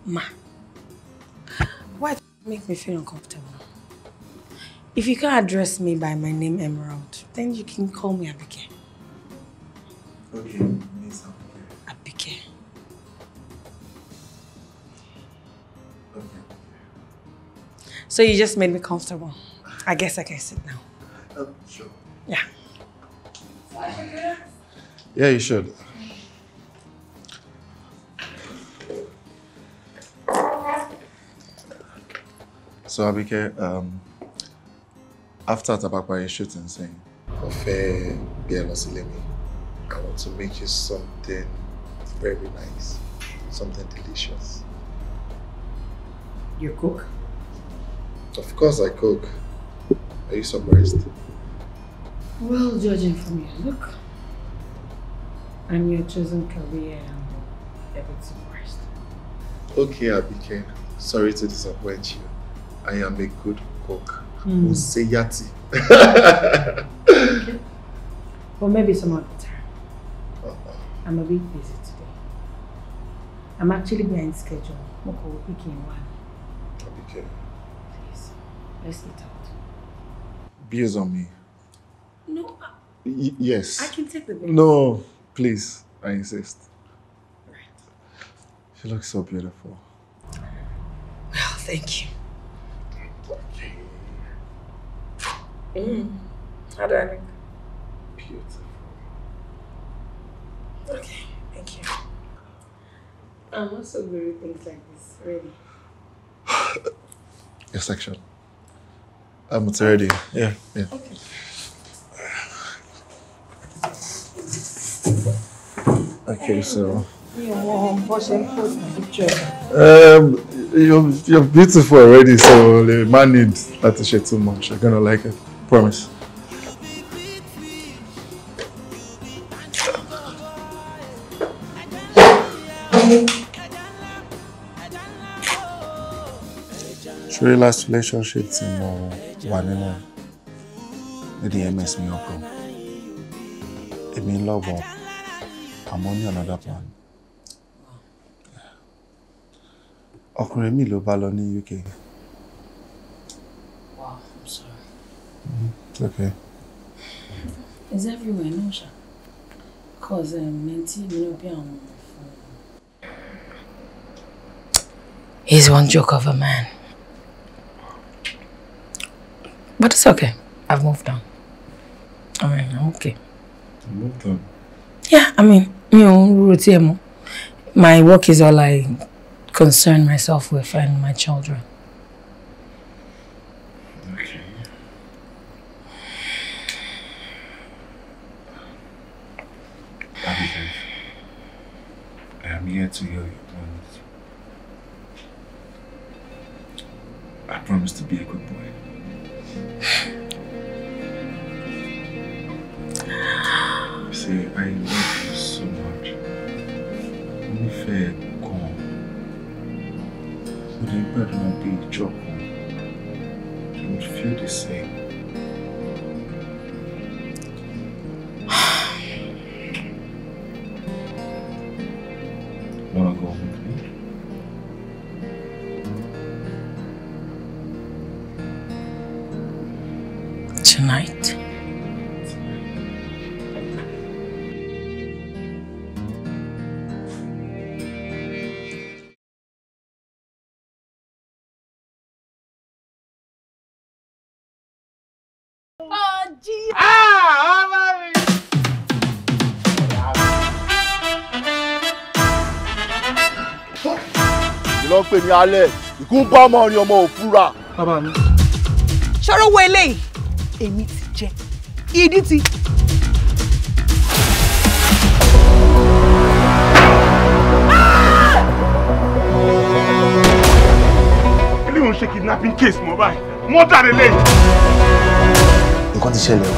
Ma. Why do you make me feel uncomfortable? If you can't address me by my name Emerald, then you can call me Abike. Okay, Miss Abike. Abike. Okay. So you just made me comfortable. I guess I can sit now. Oh, sure. Yeah. Yeah, you should. So Abike, um, after Tabapaye shooting scene, Ofe Bielosilemi, I want to make you something very nice, something delicious. You cook? Of course I cook. Are you surprised? Well, judging from your look and your chosen career, I'm a bit surprised. Okay, Abike. Sorry to disappoint you. I am a good cook. Mm. Oseyati. okay. Or maybe some other time. Uh -uh. I'm a bit busy today. I'm actually behind schedule. Moko will one. Abike. Please, let's get up beers on me. No. yes. I can take the beer. No, please. I insist. Right. She looks so beautiful. Well, oh, thank you. Okay. Mm. How do I look? Beautiful. Okay, thank you. I'm also very things like this, really. Your section. I'm a already, yeah, yeah. Okay. Okay, so. Um, you're, you're beautiful already, so the man need not to share too much. You're gonna like it, promise. ṣeré last relationship tí mo wà nínú nídi ms mi ọkọ èmi lọ́wọ́ àmọ́ ní another plan ọkùnrin mi ló bá lọ ní UK. Wow, I'm sorry. it's mm-hmm. okay. It's everywhere, no, Sha. Because um, Minty be on He's one joke of a man. But it's okay. I've moved on. I mean, I'm okay. You moved on? Yeah, I mean, you know, routine. my work is all I concern myself with and my children. Okay. Abigail, I am here to hear your plans. I promise to be a good boy. See, I love you so much. Mo nífẹ̀ẹ́ gan-an. Mo dẹ̀ ń gbàdúrà bí ìjọ You would feel the same. rìn alẹ̀ ìkúńpá ọmọ rìn ọmọ òfúra. bàbá mi. ṣọ́rọ́ wo eléyìí èmi ti jẹ ìdí ti. eléyìí ń ṣe kidnapping case mọ́ báyìí mọ́tà rẹ̀ lẹ́yìn. nǹkan ti ṣẹlẹ̀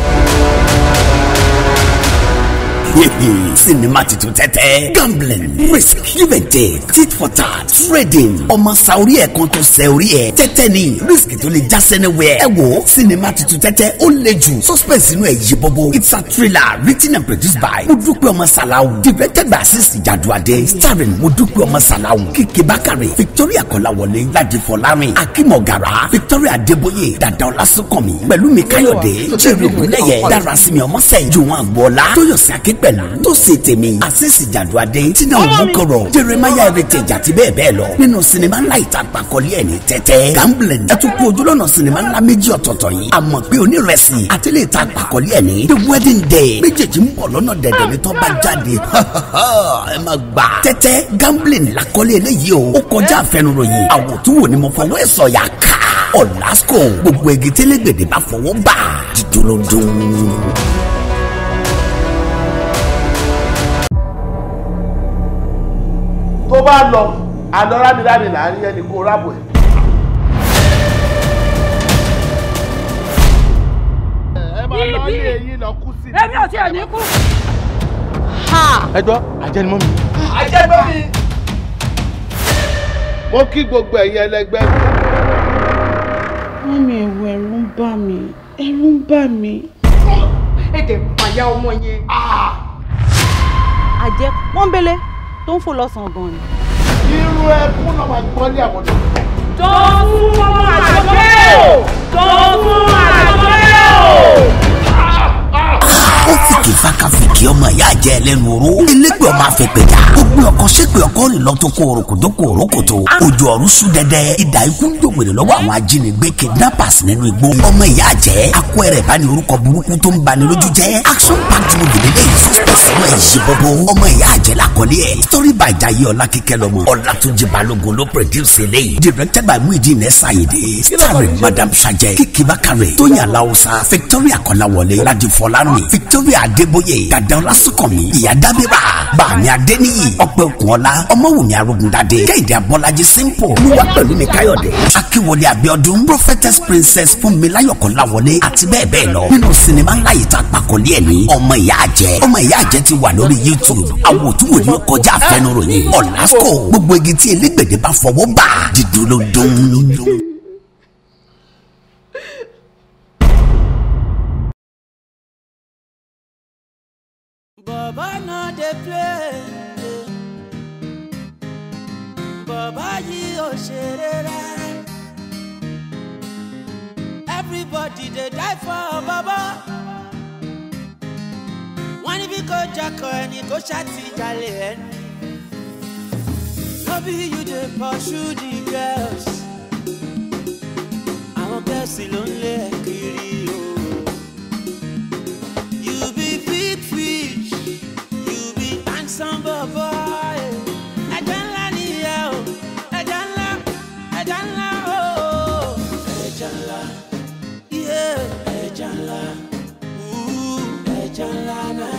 o sinima titun tẹ́tẹ́ gambling risk give and take important trading ọmọ saori ẹ̀ kan tó sẹ orí ẹ̀ tẹ́tẹ́ ni risk tó lè já sẹ́ni wẹ̀ ẹ̀ wò sinimá tuntun tẹ́tẹ́ ó le jù suspense inú ẹ̀ yí bọ́bọ́ it's a thriller written and produced by mudukwe ọmọ directed by asisi jaduade starring mudukwe ọmọ salawu kìkì bakare victoria kọ́láwọlé ladifọlárin akimọ̀gàrà victoria Deboye, dada ọlásùnkànmí pẹ̀lú mi káyọ̀dé jerry ògúnlẹ̀yẹ darasimi ọmọsẹ̀ jùwọ̀n àgbọ̀ọ́lá tóyọ̀sí akípẹ̀lú tó ṣe tèmi asisi jaduade tina ògúnkọ̀rọ̀ jeremiah heritage ìjà àti bẹ́ẹ̀ bẹ́ẹ̀ lọ nínú sinimá ńlá ìtàgbàkọ́lé ẹ̀ ní tẹ́tẹ́ gambling ẹ tún kú ojúlọ́nà sinimá ńlá méjì ọ̀tọ̀ọ̀tọ̀ yìí àmọ́ pé onírẹsì àti ilé ìtàgbàkọ́lé ẹ̀ ní the wedding day méjèèjì ń bọ̀ lọ́nà dẹ̀dẹ̀ ní tọ́ba jáde ẹ má gbà tẹ́tẹ́ gambling lakọ́lé eléyìí o ó kọjá àfẹnuròyìn àwòtúwò ni mo fọwọ́ ẹ̀ sọ̀yà ká ọ̀làsùkò gbogbo egi bá lọ àlọ́ rámirámi là ń rí ẹni kó rábò ẹ̀. bíbí èmi ò tiẹ̀ ní kú. ẹ gbọ́ àjẹnimọ́ mi. àjẹnimọ́ mi. mo kí gbogbo ẹ̀yin ẹlẹgbẹ́. wọ́n mi ẹ̀wọ̀ ẹ̀rù ń bà mí ẹ̀rù ń bà mí. ètè pàyà ọmọ yẹn. Ah! àjẹ pọ́nbélé tó ń fò lọ́sàn-án gan ni. irú ẹkún náà máa gbọ́ ní àwọn ọdún. tó ń fún àjọyọ̀ tó ń fún àjọyọ̀ fásitì fakafiki ọmọ ìyá jẹ ẹlẹ́nu oró elégbè ọmọ afẹ́pẹ́jà gbogbo ọkọ ṣépè ọkọ rè lọ́tún kó orokoto kó orokoto ojú ọ̀run sùn dẹ́dẹ́ ìdá ikú ń dògbèrè lọ́wọ́ àwọn ajínigbé kidnappers nínú igbó ọmọ ìyá jẹ akọ ẹ̀rẹ̀ bá orúkọ burúkú tó ń bani lójú jẹ́ action packed movie nílé ìfọ́sọ̀sọ̀rọ̀ ẹ̀yìn bọ́bọ́ ọmọ ìyá jẹ lakọ́lé ẹ̀ story by Jaiye ọlákíkẹ́ lọ́mọ ọlátúnjì balógun ló produce eléyìí directed by muhideen ẹ̀sáyédè starring madam sajẹ kíkí bákàrẹ̀ tóyìn aláwùsá victoria kọ́láwọlé ládìfọ́lárìn victoria olórí adébóyè dandan lásìkànmí ìyá dábìrà bàmí adéníyì ọpẹ òkùnọlá ọmọwùmí arógundadé kẹ́hìndé abọ́lájí simple olúwa pẹ̀lú mi káyọ̀dé akínwọlé abiodun prophetess princess fúnmiláyọ̀ kọ́láwọlé àti bẹ́ẹ̀ bẹ́ẹ̀ lọ nínú sinimá ńlá yìí tá a pàkọ́lé ẹ̀ ní ọmọ ìyá àjẹ́ ọmọ ìyá àjẹ́ ti wà lórí youtube àwọn òtúwò ni ó kọjá àfẹnuròyìn ọ̀làsíkò gbogbo igi tí elégbèdè bá fọwọ́ bà dídúró dún. did Everybody they die for Baba. Wọ́n níbi kò jakọ̀ ẹni kò ṣàtìjalè ẹni. No be you dey pursue the girls. Our girls ló ń lé kiri. Shalana.